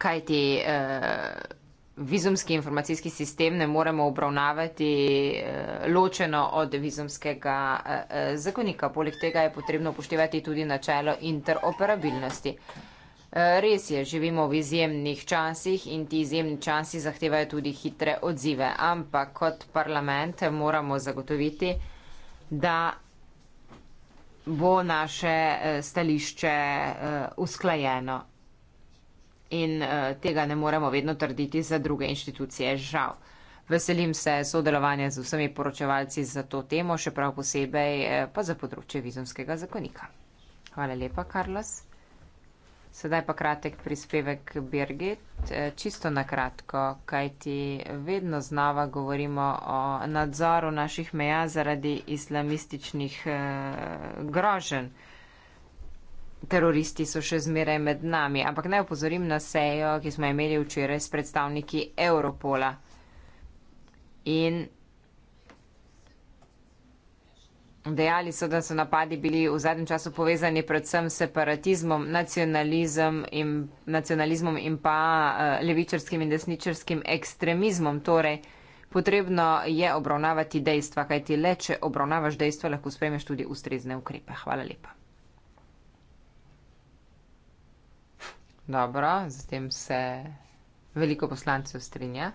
Kaj ti uh, vizumski informacijski sistem ne moremo obravnavati uh, ločeno od vizumskega uh, zakonika. Poleg tega je potrebno upoštevati tudi načelo interoperabilnosti. Uh, Eh, res je, živimo v izjemnih časih in ti izjemni časi zahtevajo tudi hitre odzive, ampak kot parlament moramo zagotoviti, da bo naše eh, stališče eh, usklajeno. In tega ne moremo vedno trditi za druge inštitucije, žal. Veselim se sodelovanja z vsemi poročevalci za to temo, še prav posebej pa za področje vizumskega zakonika. Hvala lepa, Carlos. Sedaj pa kratek prispevek Birgit. E, čisto na kratko, kaj ti vedno znova govorimo o nadzoru naših meja zaradi islamističnih eh, grožen. Teroristi so še zmeraj med nami, ampak naj upozorim na sejo, ki smo imeli včeraj s predstavniki Europola. In Dejali so, da so napadi bili v zadnjem času povezani predvsem s separatizmom, nacionalizem in, nacionalizmom in pa eh, levičarskim in desničarskim ekstremizmom. Torej, potrebno je obravnavati dejstva, kajti le, če obravnavaš dejstva, lahko spremeš tudi ustrezne ukrepe. Hvala lepa. Dobro, z tem se veliko poslancev strinja.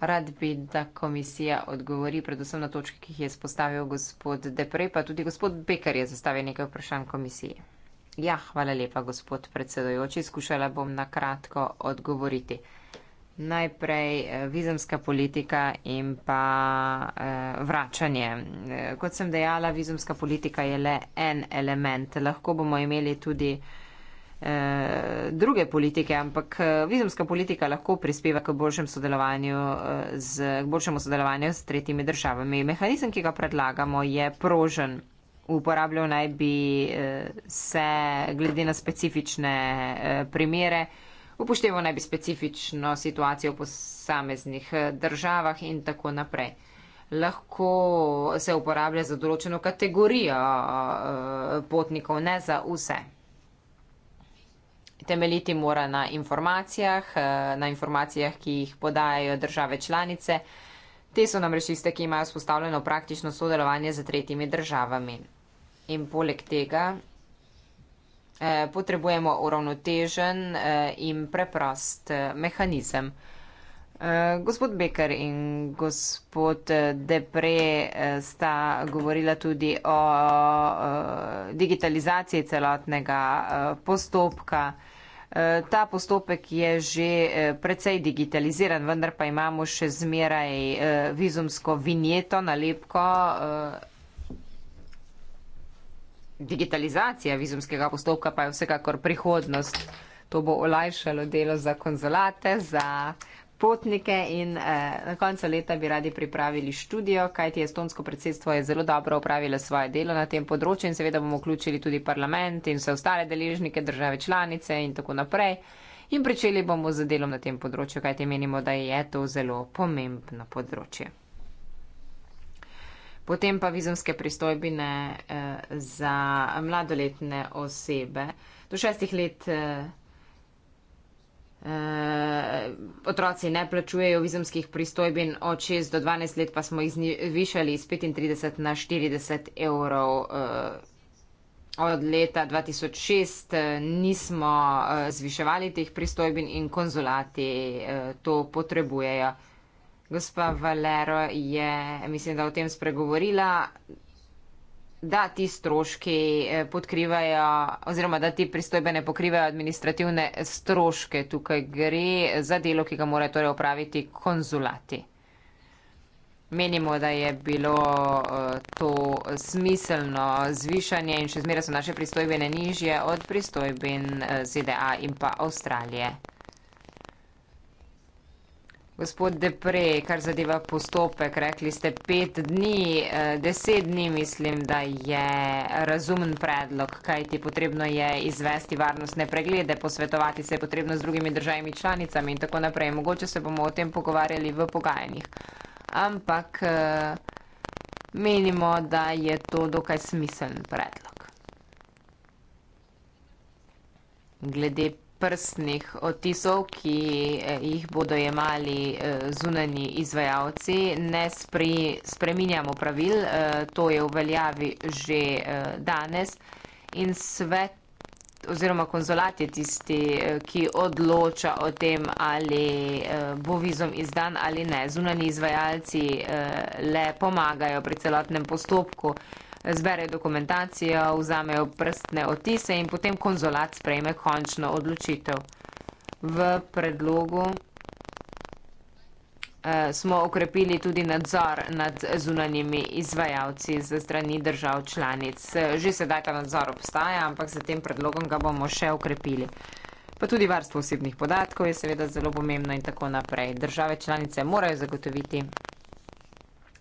Rad bi, da komisija odgovori predvsem na točke, ki jih je spostavil gospod Deprej, pa tudi gospod Bekar je zastavil nekaj vprašanj komisiji. Ja, hvala lepa, gospod predsedojoči. Skušala bom na kratko odgovoriti. Najprej eh, vizumska politika in pa eh, vračanje. Eh, kot sem dejala, vizumska politika je le en element. Lahko bomo imeli tudi eh, Eh, druge politike, ampak eh, vizumska politika lahko prispeva k eh, boljšemu sodelovanju, boljšem sodelovanju s tretjimi državami. Mehanizem, ki ga predlagamo, je prožen. Uporabljal naj bi se glede na specifične primere, upošteval naj bi specifično situacijo v posameznih državah in tako naprej. Lahko se uporablja za določeno kategorijo potnikov, ne za vse temeljiti mora na informacijah, eh, na informacijah, ki jih podajajo države članice. Te so namreč tiste, ki imajo spostavljeno praktično sodelovanje z tretjimi državami. In poleg tega eh, potrebujemo uravnotežen eh, in preprost mehanizem. Gospod Becker in gospod Depre sta govorila tudi o digitalizaciji celotnega postopka. Eh, ta postopek je že eh, precej digitaliziran, vendar pa imamo še zmeraj eh, vizumsko vinjeto, nalepko. Digitalizacija vizumskega postopka pa je vsekakor prihodnost. To bo olajšalo delo za konzulate, za potnike in eh, na koncu leta bi radi pripravili študijo, kajti estonsko predsedstvo je zelo dobro upravilo svoje delo na tem področju in seveda bomo vključili tudi parlament in vse ostale deležnike, države članice in tako naprej. In pričeli bomo z delom na tem področju, kajti menimo, da je to zelo pomembno področje. Potem pa vizumske pristojbine eh, za mladoletne osebe. Do šestih let. Eh, Eh, otroci ne plačujejo vizumskih pristojbin od 6 do 12 let, pa smo jih zvišali iz 35 na 40 evrov. Eh, od leta 2006 eh, nismo zviševali teh pristojbin in konzulati to potrebujejo. Gospa Valero je, mislim, da o tem spregovorila da ti stroški eh, podkrivajo oziroma da ti pristojbene pokrivajo administrativne stroške. Tukaj gre za delo, ki ga morajo torej opraviti konzulati. Menimo, da je bilo eh, to smiselno zvišanje in še zmeraj so naše pristojbene nižje od pristojben eh, ZDA in pa Avstralije. Gospod Depre, kar zadeva postopek, rekli ste pet dni, eh, deset dni mislim, da je razumen predlog, kaj ti potrebno je izvesti varnostne preglede, posvetovati se je potrebno z drugimi državami članicami in tako naprej. Mogoče se bomo o tem pogovarjali v pogajanjih. Ampak eh, menimo, da je to dokaj smiseln predlog. Glede prstnih odtisov, ki eh, jih bodo jemali eh, zunani izvajalci. Ne spri, spreminjamo pravil, eh, to je v veljavi že danes in svet oziroma konzulat je tisti, ki odloča o tem, ali bo vizum izdan ali ne. Zunani izvajalci le pomagajo pri celotnem postopku zberejo dokumentacijo, vzamejo prstne otise in potem konzulat sprejme končno odločitev. V predlogu eh, smo okrepili tudi nadzor nad zunanjimi izvajalci za strani držav članic. Že sedaj ta nadzor obstaja, ampak za tem predlogom ga bomo še okrepili. Pa tudi varstvo osebnih podatkov je seveda zelo pomembno in tako naprej. Države članice morajo zagotoviti,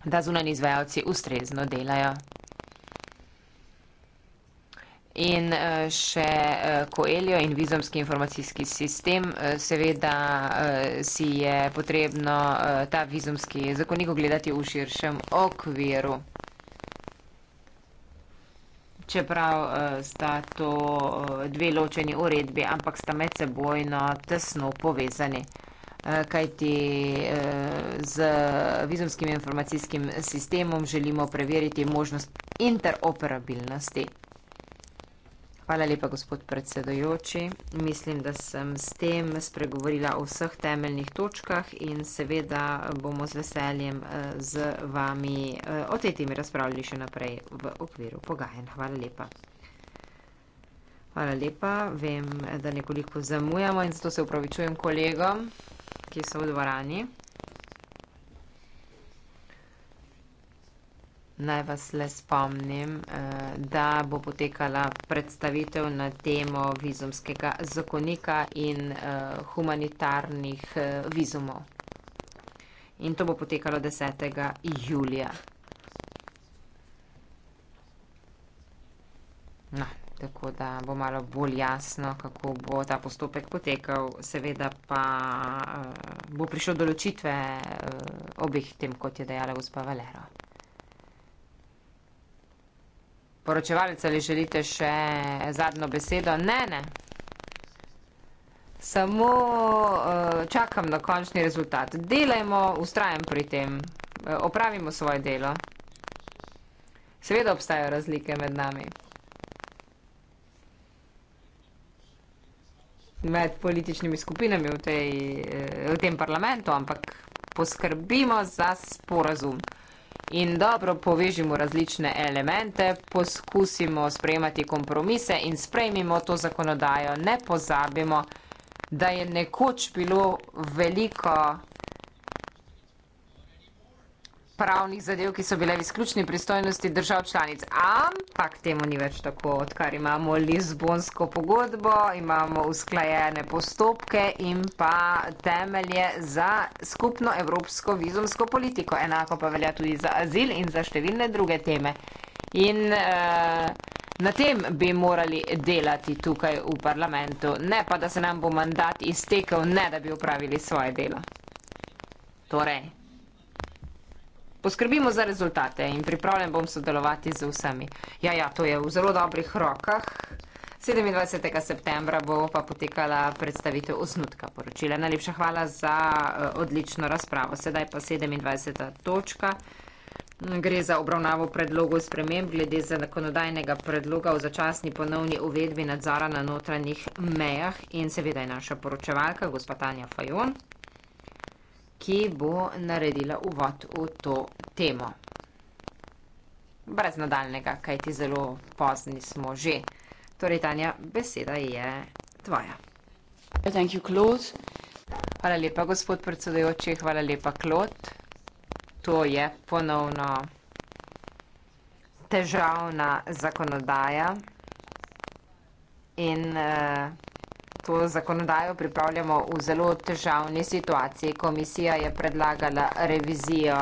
da zunani izvajalci ustrezno delajo in eh, še Koeljo eh, in vizumski informacijski sistem. Eh, seveda si je potrebno ta vizumski zakonik ogledati v širšem okviru. Čeprav sta to dve ločeni uredbi, ampak sta med sebojno tesno povezani. Kajti z vizumskim informacijskim sistemom želimo preveriti možnost interoperabilnosti. Hvala lepa, gospod predsedujoči. Mislim, da sem s tem spregovorila o vseh temeljnih točkah in seveda bomo z veseljem eh, z vami eh, o tej temi razpravljali še naprej v okviru pogajanj. Hvala lepa. Hvala lepa. Vem, da nekoliko zamujamo in zato se upravičujem kolegom, ki so v dvorani. Naj vas le spomnim, eh, da bo potekala predstavitev na temo vizumskega zakonika in eh, humanitarnih eh, vizumov. In to bo potekalo 10. julija. No, tako da bo malo bolj jasno, kako bo ta postopek potekal. Seveda pa bo prišlo določitve obih tem, kot je dejala gospa Valero. Poročevalec, ali želite še zadnjo besedo? Ne, ne. Samo uh, čakam na končni rezultat. Delajmo, ustrajam pri tem, uh, opravimo svoje delo. Seveda obstajajo razlike med nami. Med političnimi skupinami v, tej, uh, v tem parlamentu, ampak poskrbimo za sporazum in dobro povežimo različne elemente, poskusimo sprejemati kompromise in sprejmimo to zakonodajo, ne pozabimo, da je nekoč bilo veliko pravnih zadev, ki so bile v izključni pristojnosti držav članic. Ampak temu ni več tako, odkar imamo Lizbonsko pogodbo, imamo usklajene postopke in pa temelje za skupno evropsko vizumsko politiko. Enako pa velja tudi za azil in za številne druge teme. In uh, na tem bi morali delati tukaj v parlamentu, ne pa da se nam bo mandat iztekel, ne da bi upravili svoje delo. Torej, Poskrbimo za rezultate in pripravljen bom sodelovati z vsemi. Ja, ja, to je v zelo dobrih rokah. 27. septembra bo pa potekala predstavitev osnutka poročila. Najlepša hvala za eh, odlično razpravo. Sedaj pa 27. točka. Gre za obravnavo predlogov sprememb glede zakonodajnega predloga o začasni ponovni uvedbi nadzora na notranjih mejah in seveda je naša poročevalka, gospa Tanja Fajon ki bo naredila uvod v to temo. Brez nadaljnega, kaj ti zelo pozni smo že. Torej, Tanja, beseda je tvoja. Hvala lepa, gospod predsedujoči, hvala lepa, Klot. To je ponovno težavna zakonodaja in eh, to zakonodajo pripravljamo v zelo težavni situaciji. Komisija je predlagala revizijo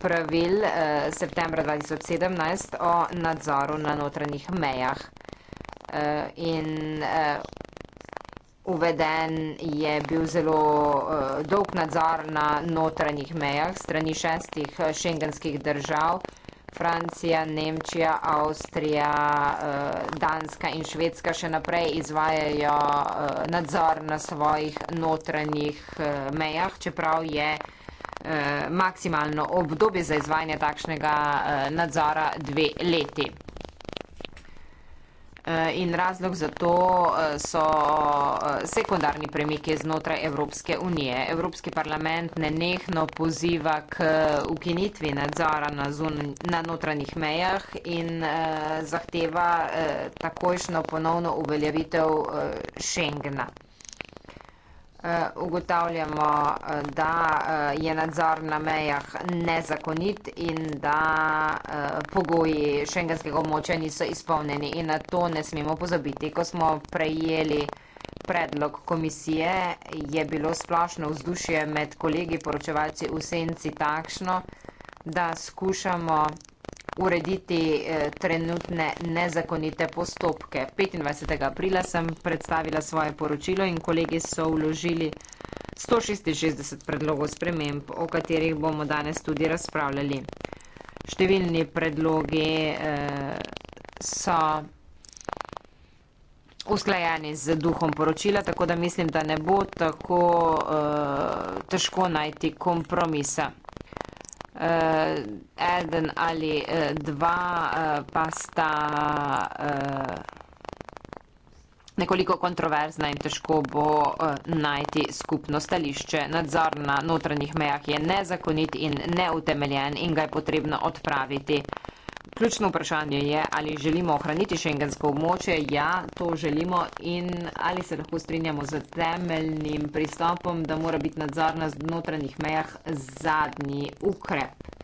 pravil eh, septembra 2017 o nadzoru na notranjih mejah. Eh, in eh, uveden je bil zelo eh, dolg nadzor na notranjih mejah strani šestih eh, šengenskih držav. Eh, Francija, Nemčija, Avstrija, eh, Danska in Švedska še naprej izvajajo eh, nadzor na svojih notranjih eh, mejah, čeprav je maksimalno obdobje za izvajanje takšnega nadzora dve leti. Eh, in razlog za to eh, so eh, sekundarni premiki znotraj Evropske unije. Evropski parlament ne nehno poziva k ukinitvi nadzora na, zun, na notranjih mejah in zahteva takojšno ponovno uveljavitev Schengena. Eh, ugotavljamo, eh, da eh, je nadzor na mejah nezakonit in da pogoji šengenskega območja niso izpolnjeni. In na to ne smemo pozabiti. Ko smo prejeli predlog komisije, je bilo splošno vzdušje med kolegi poročevalci v senci takšno, da skušamo urediti eh, trenutne nezakonite postopke. 25. aprila sem predstavila svoje poročilo in kolegi so vložili 166 predlogov sprememb, o katerih bomo danes tudi razpravljali. Številni predlogi eh, so usklajeni z duhom poročila, tako da mislim, da ne bo tako eh, težko najti kompromisa. Eh, eden ali eh, dva eh, pa sta nekoliko kontroverzna in težko bo najti skupno stališče. Nadzor na notranjih mejah je nezakonit in neutemeljen in ga je potrebno odpraviti. Ključno vprašanje je, ali želimo ohraniti šengensko območje. Ja, to želimo in ali se lahko strinjamo z temeljnim pristopom, da mora biti nadzor na notranjih mejah zadnji ukrep.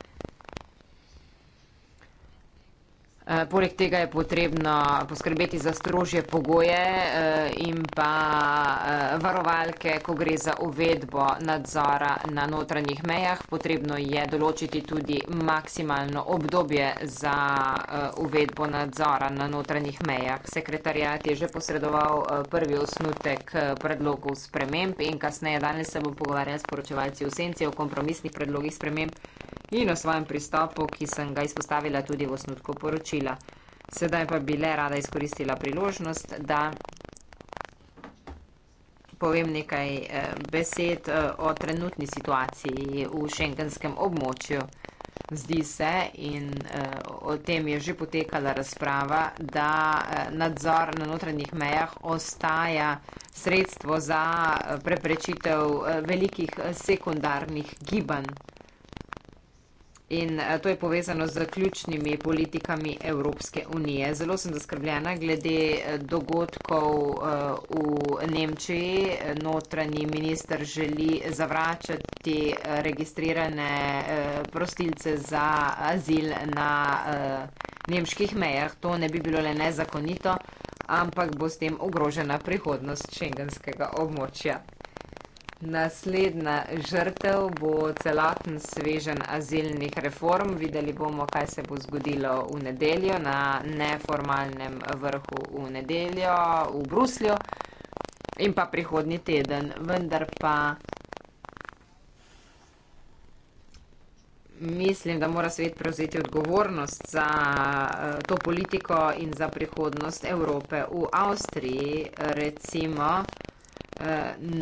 Eh, poleg tega je potrebno poskrbeti za strožje pogoje eh, in pa eh, varovalke, ko gre za uvedbo nadzora na notranjih mejah. Potrebno je določiti tudi maksimalno obdobje za uvedbo nadzora na notranjih mejah. Sekretarjat je že posredoval prvi osnutek predlogov sprememb in kasneje danes se bom pogovarjal s poročevalci v senci o kompromisnih predlogih sprememb in o svojem pristopu, ki sem ga izpostavila tudi v osnutku poročila naučila. Sedaj pa bi le rada izkoristila priložnost, da povem nekaj eh, besed eh, o trenutni situaciji v šengenskem območju. Zdi se, in eh, o tem je že potekala razprava, da nadzor na notranjih mejah ostaja sredstvo za preprečitev velikih sekundarnih gibanj in eh, to je povezano z ključnimi politikami Evropske unije. Zelo sem zaskrbljena glede eh, dogodkov eh, v Nemčiji. Notranji minister želi zavračati registrirane prostilce za azil na nemških mejah. To ne bi bilo le nezakonito, ampak bo s tem ogrožena prihodnost šengenskega območja. Naslednja žrtev bo celoten svežen azilnih reform. Videli bomo, kaj se bo zgodilo v nedeljo na neformalnem vrhu v nedeljo v Bruslju in pa prihodnji teden. Vendar pa mislim, da mora svet prevzeti odgovornost za eh, to politiko in za prihodnost Evrope. V Avstriji recimo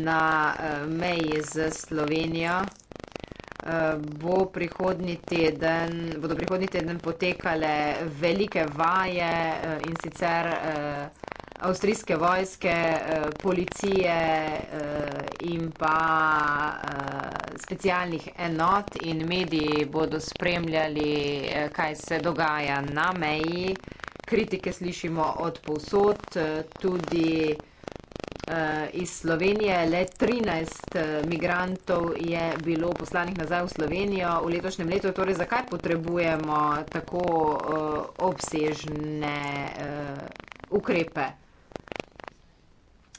na eh, meji s Slovenijo. Eh, bo prihodnji teden, bodo prihodnji teden potekale velike vaje, eh, in sicer, avstrijske vojske, policije, in pa, specialnih enot in mediji bodo spremljali, kaj se dogaja na meji. Kritike slišimo od povsod, tudi Eh, iz Slovenije, le trinajst eh, migrantov je bilo poslanih nazaj v Slovenijo v letošnjem letu. Torej, zakaj potrebujemo tako eh, obsežne ukrepe?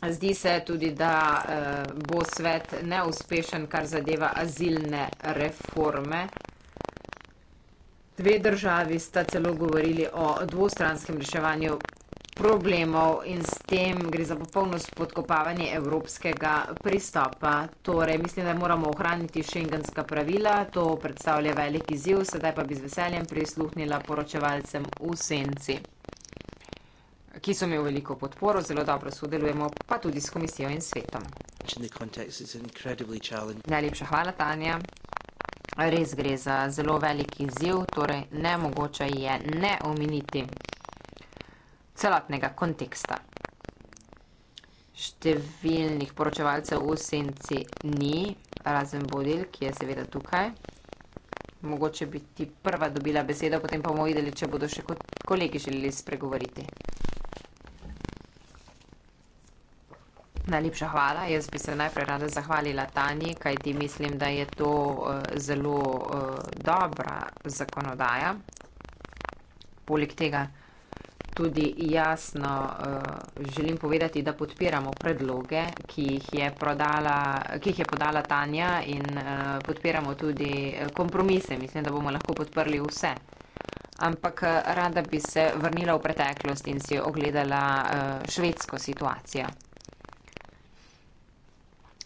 Zdi se tudi, da bo svet neuspešen, kar zadeva azilne reforme. Dve državi sta celo govorili o dvostranskem reševanju problemov in s tem gre za popolno spodkopavanje evropskega pristopa. Torej, mislim, da moramo ohraniti šengenska pravila, to predstavlja velik izziv, sedaj pa bi z veseljem prisluhnila poročevalcem v senci, ki so mi v veliko podporo, zelo dobro sodelujemo, pa tudi s komisijo in svetom. Najlepša hvala, Tanja. Res gre za zelo velik izziv, torej nemogoče je ne omeniti celotnega konteksta. Številnih poročevalcev v senci ni, razen Bodil, ki je seveda tukaj. Mogoče bi ti prva dobila besedo, potem pa bomo videli, če bodo še kolegi želeli spregovoriti. Najlepša hvala. Jaz bi se najprej rada zahvalila Tanji, kajti mislim, da je to eh, zelo eh, dobra zakonodaja. Poleg tega, tudi jasno eh, želim povedati, da podpiramo predloge, ki jih je, prodala, ki jih je podala Tanja in eh, podpiramo tudi eh, kompromise. Mislim, da bomo lahko podprli vse. Ampak rada bi se vrnila v preteklost in si ogledala švedsko situacijo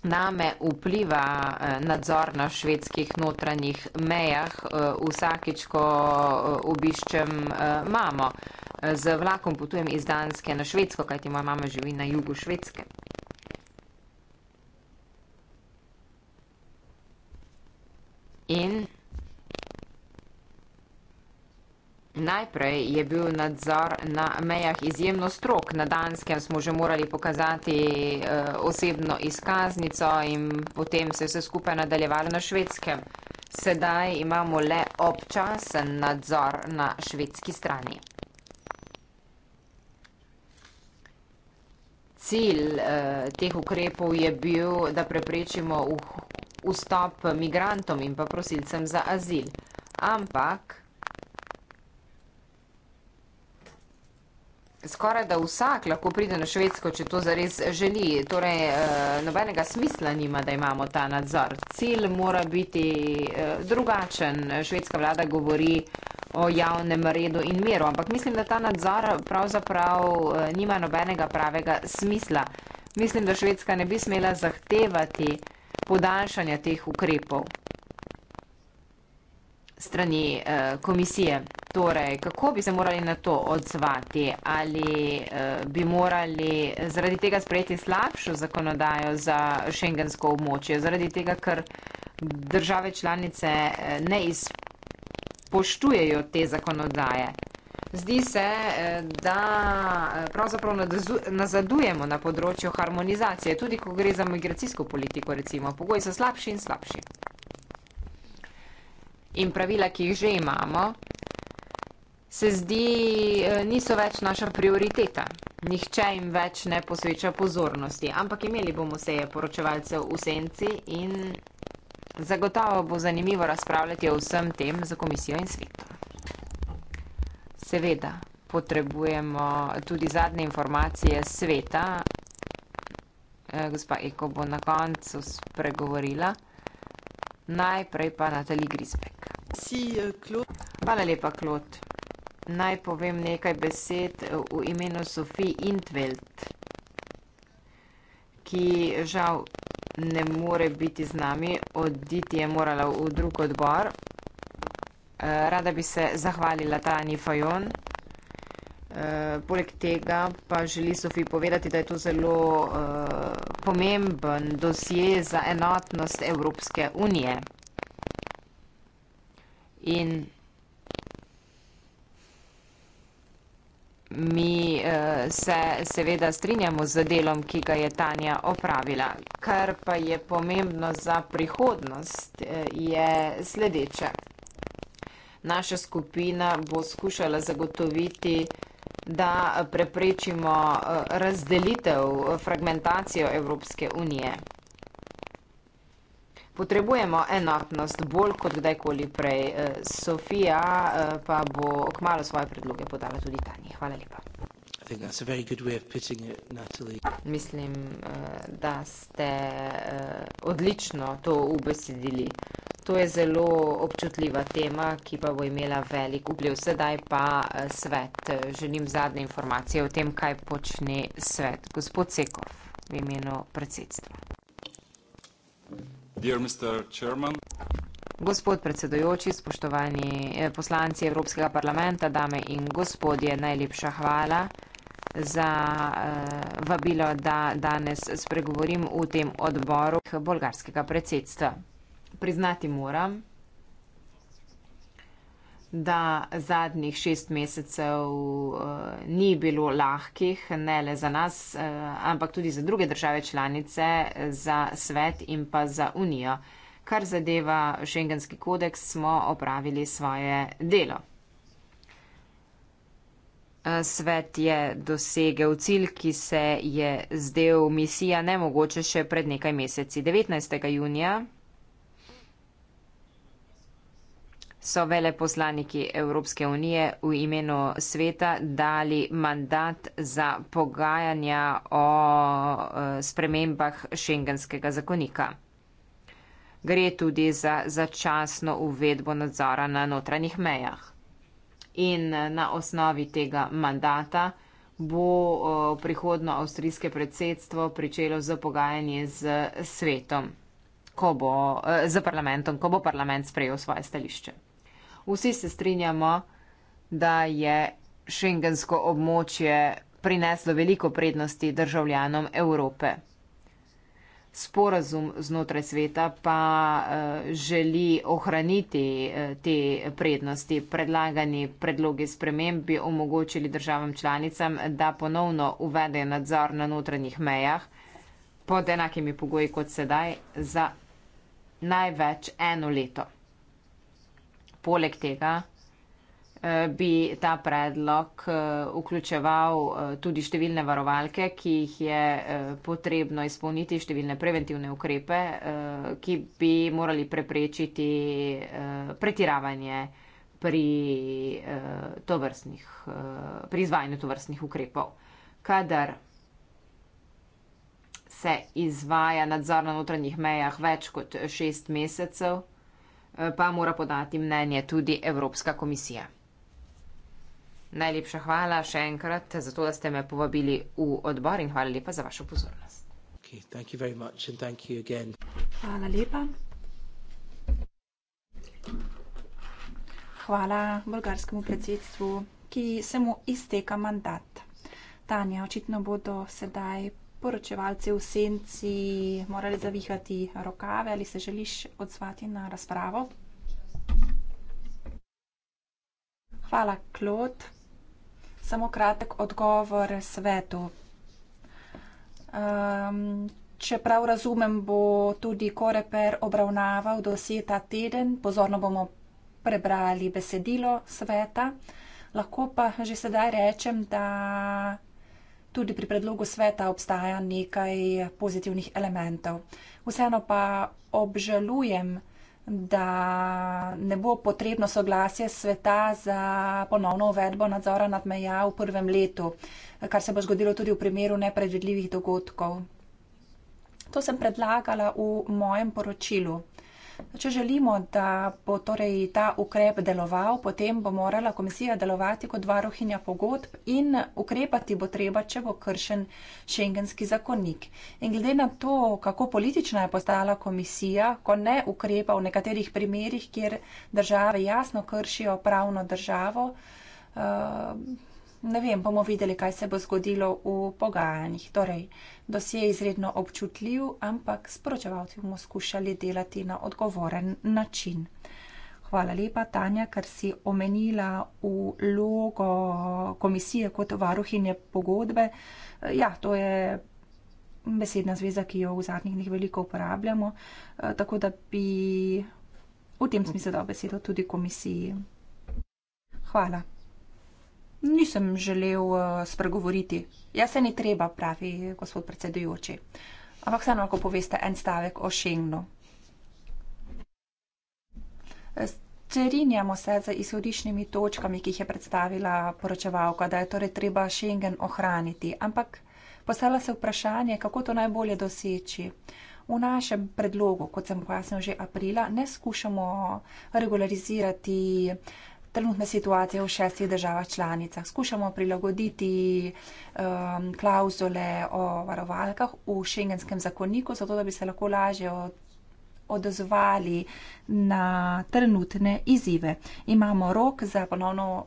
name vpliva eh, nadzor na švedskih notranjih mejah eh, vsakič, ko eh, obiščem mamo. Z vlakom potujem iz Danske na Švedsko, kajti moja mama živi na jugu Švedske. In... Najprej je bil nadzor na mejah izjemno strok. Na Danskem smo že morali pokazati eh, osebno izkaznico in potem se je vse skupaj nadaljevalo na švedskem. Sedaj imamo le občasen nadzor na švedski strani. Cilj eh, teh ukrepov je bil, da preprečimo vstop migrantom in pa prosilcem za azil. Ampak skoraj da vsak lahko pride na Švedsko, če to zares želi. Torej, eh, nobenega smisla nima, da imamo ta nadzor. Cilj mora biti eh, drugačen. Švedska vlada govori o javnem redu in miru, ampak mislim, da ta nadzor pravzaprav eh, nima nobenega pravega smisla. Mislim, da Švedska ne bi smela zahtevati podaljšanja teh ukrepov strani uh, komisije. Torej, kako bi se morali na to odzvati? Ali uh, bi morali zaradi tega sprejeti slabšo zakonodajo za šengensko območje, zaradi tega, ker države članice uh, ne izpoštujejo te zakonodaje? Zdi se, da pravzaprav nazadujemo na področju harmonizacije, tudi ko gre za migracijsko politiko, recimo. Pogoji so slabši in slabši in pravila, ki jih že imamo, se zdi, eh, niso več naša prioriteta. Nihče jim več ne posveča pozornosti, ampak imeli bomo seje poročevalcev v senci in zagotovo bo zanimivo razpravljati o vsem tem za komisijo in svetom. Seveda potrebujemo tudi zadnje informacije sveta. Eh, gospa Eko bo na koncu spregovorila. Najprej pa Natalija Grisbek si, Klod. Eh, Hvala lepa, Klod. Naj povem nekaj besed eh, v imenu Sophie Intveld, ki žal ne more biti z nami, oditi je morala v drug odbor. Eh, rada bi se zahvalila Tanji Fajon. Poleg tega pa želi Sophie povedati, da je to zelo pomemben dosje za enotnost Evropske unije in mi uh, se seveda strinjamo z delom, ki ga je Tanja opravila. Kar pa je pomembno za prihodnost, eh, je sledeče. Naša skupina bo skušala zagotoviti, da preprečimo eh, razdelitev, fragmentacijo Evropske unije. Potrebujemo enotnost bolj kot kdajkoli prej. E, Sofija e, pa bo kmalo svoje predloge podala tudi Tanji. Hvala lepa. Mislim, e, da ste odlično to ubesedili. To je zelo občutljiva tema, ki pa bo imela velik vpliv. Sedaj pa svet. Želim zadnje informacije o tem, kaj počne svet. Gospod Sekov, v imenu predsedstva. Gospod predsedujoči, spoštovani eh, poslanci Evropskega parlamenta, dame in gospodje, najlepša hvala za eh, vabilo, da danes spregovorim v tem odboru bolgarskega predsedstva. Priznati moram, da zadnjih šest mesecev eh, ni bilo lahkih, ne le za nas, eh, ampak tudi za druge države članice, za svet in pa za unijo. Kar zadeva šengenski kodeks, smo opravili svoje delo. Eh, svet je dosegel cilj, ki se je zdel misija nemogoče še pred nekaj meseci. 19. junija so veleposlaniki Evropske unije v imenu sveta dali mandat za pogajanja o e, spremembah šengenskega zakonika. Gre tudi za začasno uvedbo nadzora na notranjih mejah. In e, na osnovi tega mandata bo e, prihodno avstrijske predsedstvo pričelo za pogajanje z svetom, ko bo, z parlamentom, ko bo parlament sprejel svoje stališče vsi se strinjamo, da je šengensko območje prineslo veliko prednosti državljanom Evrope. Sporazum znotraj sveta pa eh, želi ohraniti eh, te prednosti. Predlagani predlogi sprememb bi omogočili državam članicam, da ponovno uvedejo nadzor na notranjih mejah pod enakimi pogoji kot sedaj za največ eno leto poleg tega eh, bi ta predlog eh, vključeval eh, tudi številne varovalke, ki jih je potrebno izpolniti, številne preventivne ukrepe, ki bi morali preprečiti pretiravanje pri, tovrstnih, pri izvajanju tovrstnih ukrepov. Kadar se izvaja nadzor na notranjih mejah več kot šest mesecev, Eh, pa mora podati mnenje tudi Evropska komisija. Najlepša hvala še enkrat za to, da ste me povabili v odbor in hvala lepa za vašo pozornost. Hvala lepa. Hvala bolgarskemu predsedstvu, ki se mu izteka mandat. Tanja, očitno bodo sedaj poročevalci v senci morali zavihati rokave ali se želiš odzvati na razpravo? Hvala, Klod. Samo kratek odgovor svetu. Um, če prav razumem, bo tudi Koreper obravnaval dosje ta teden. Pozorno bomo prebrali besedilo sveta. Lahko pa že sedaj rečem, da tudi pri predlogu sveta obstaja nekaj pozitivnih elementov. Vseeno pa obžalujem, da ne bo potrebno soglasje sveta za ponovno uvedbo nadzora nad meja v prvem letu, kar se bo zgodilo tudi v primeru nepredvidljivih dogodkov. To sem predlagala v mojem poročilu. Če želimo, da bo torej ta ukrep deloval, potem bo morala komisija delovati kot varuhinja pogodb in ukrepati bo treba, če bo kršen šengenski zakonnik. In glede na to, kako politična je postala komisija, ko ne ukrepa v nekaterih primerjih, kjer države jasno kršijo pravno državo, uh, ne vem, bomo videli, kaj se bo zgodilo v pogajanjih. Torej, dosje je izredno občutljiv, ampak sporočevalci bomo skušali delati na odgovoren način. Hvala lepa, Tanja, ker si omenila vlogo komisije kot varuhinje pogodbe. Ja, to je besedna zveza, ki jo v zadnjih dneh veliko uporabljamo, eh, tako da bi v tem smislu dal besedo tudi komisiji. Hvala. Nisem želel eh, spregovoriti. Ja, se ni treba, pravi gospod predsedujoči. Ampak samo lahko poveste en stavek o Schengnu. Eh, strinjamo se z izhodišnjimi točkami, ki jih je predstavila poročevalka, da je torej treba Schengen ohraniti. Ampak postavlja se vprašanje, kako to najbolje doseči. V našem predlogu, kot sem pojasnil že aprila, ne skušamo regularizirati trenutne situacije v šestih državah članicah. Skušamo prilagoditi um, klauzule o varovalkah v šengenskem zakoniku, zato da bi se lahko lažje odozvali na trenutne izzive. Imamo rok za ponovno,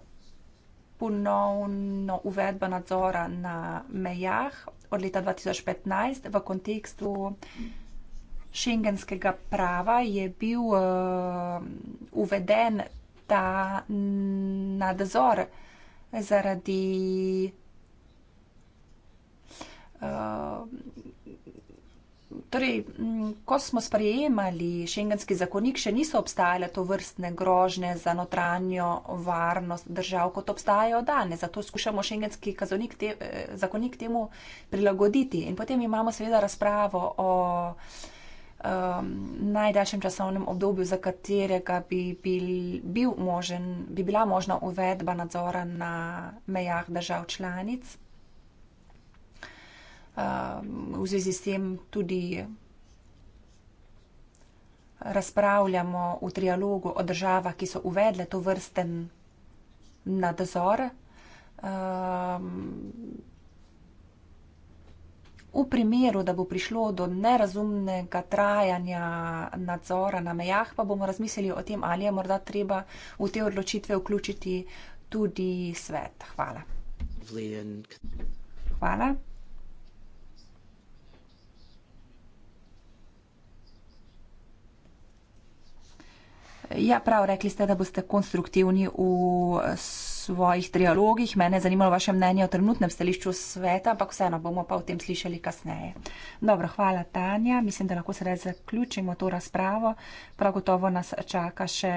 ponovno uvedbo nadzora na mejah od leta 2015 v kontekstu šengenskega prava je bil uh, uveden ta nadzor zaradi uh, Torej, ko smo sprejemali šengenski zakonik, še niso obstajale to vrstne grožne za notranjo varnost držav, kot obstajajo danes. Zato skušamo šengenski te, eh, zakonik temu prilagoditi. In potem imamo seveda razpravo o um, najdaljšem časovnem obdobju, za katerega bi, bil, bil možen, bi bila možna uvedba nadzora na mejah držav članic. Um, v zvezi s tem tudi razpravljamo v trialogu o državah, ki so uvedle to vrsten nadzor. Um, V primeru, da bo prišlo do nerazumnega trajanja nadzora na mejah, pa bomo razmislili o tem, ali je morda treba v te odločitve vključiti tudi svet. Hvala. Hvala. Ja, prav, rekli ste, da boste konstruktivni v svojih trialogih. Mene je zanimalo vaše mnenje o trenutnem stališču sveta, ampak vseeno bomo pa o tem slišali kasneje. Dobro, hvala Tanja. Mislim, da lahko sedaj zaključimo to razpravo. Prav gotovo nas čaka še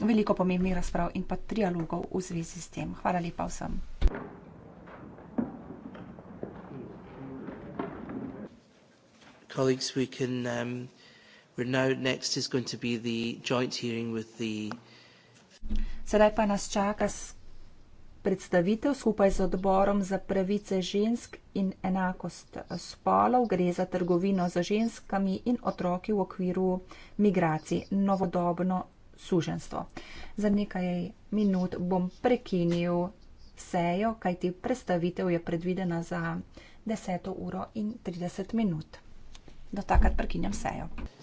veliko pomembnih razprav in pa trialogov v zvezi s tem. Hvala lepa vsem. Colleagues, we can. Um, we're now next is going to be the joint hearing with the Sedaj pa nas čaka predstavitev skupaj z odborom za pravice žensk in enakost spolov. Gre za trgovino za ženskami in otroki v okviru migracij, novodobno suženstvo. Za nekaj minut bom prekinil sejo, kajti predstavitev je predvidena za 10 uro in 30 minut. Do takrat prekinjam sejo.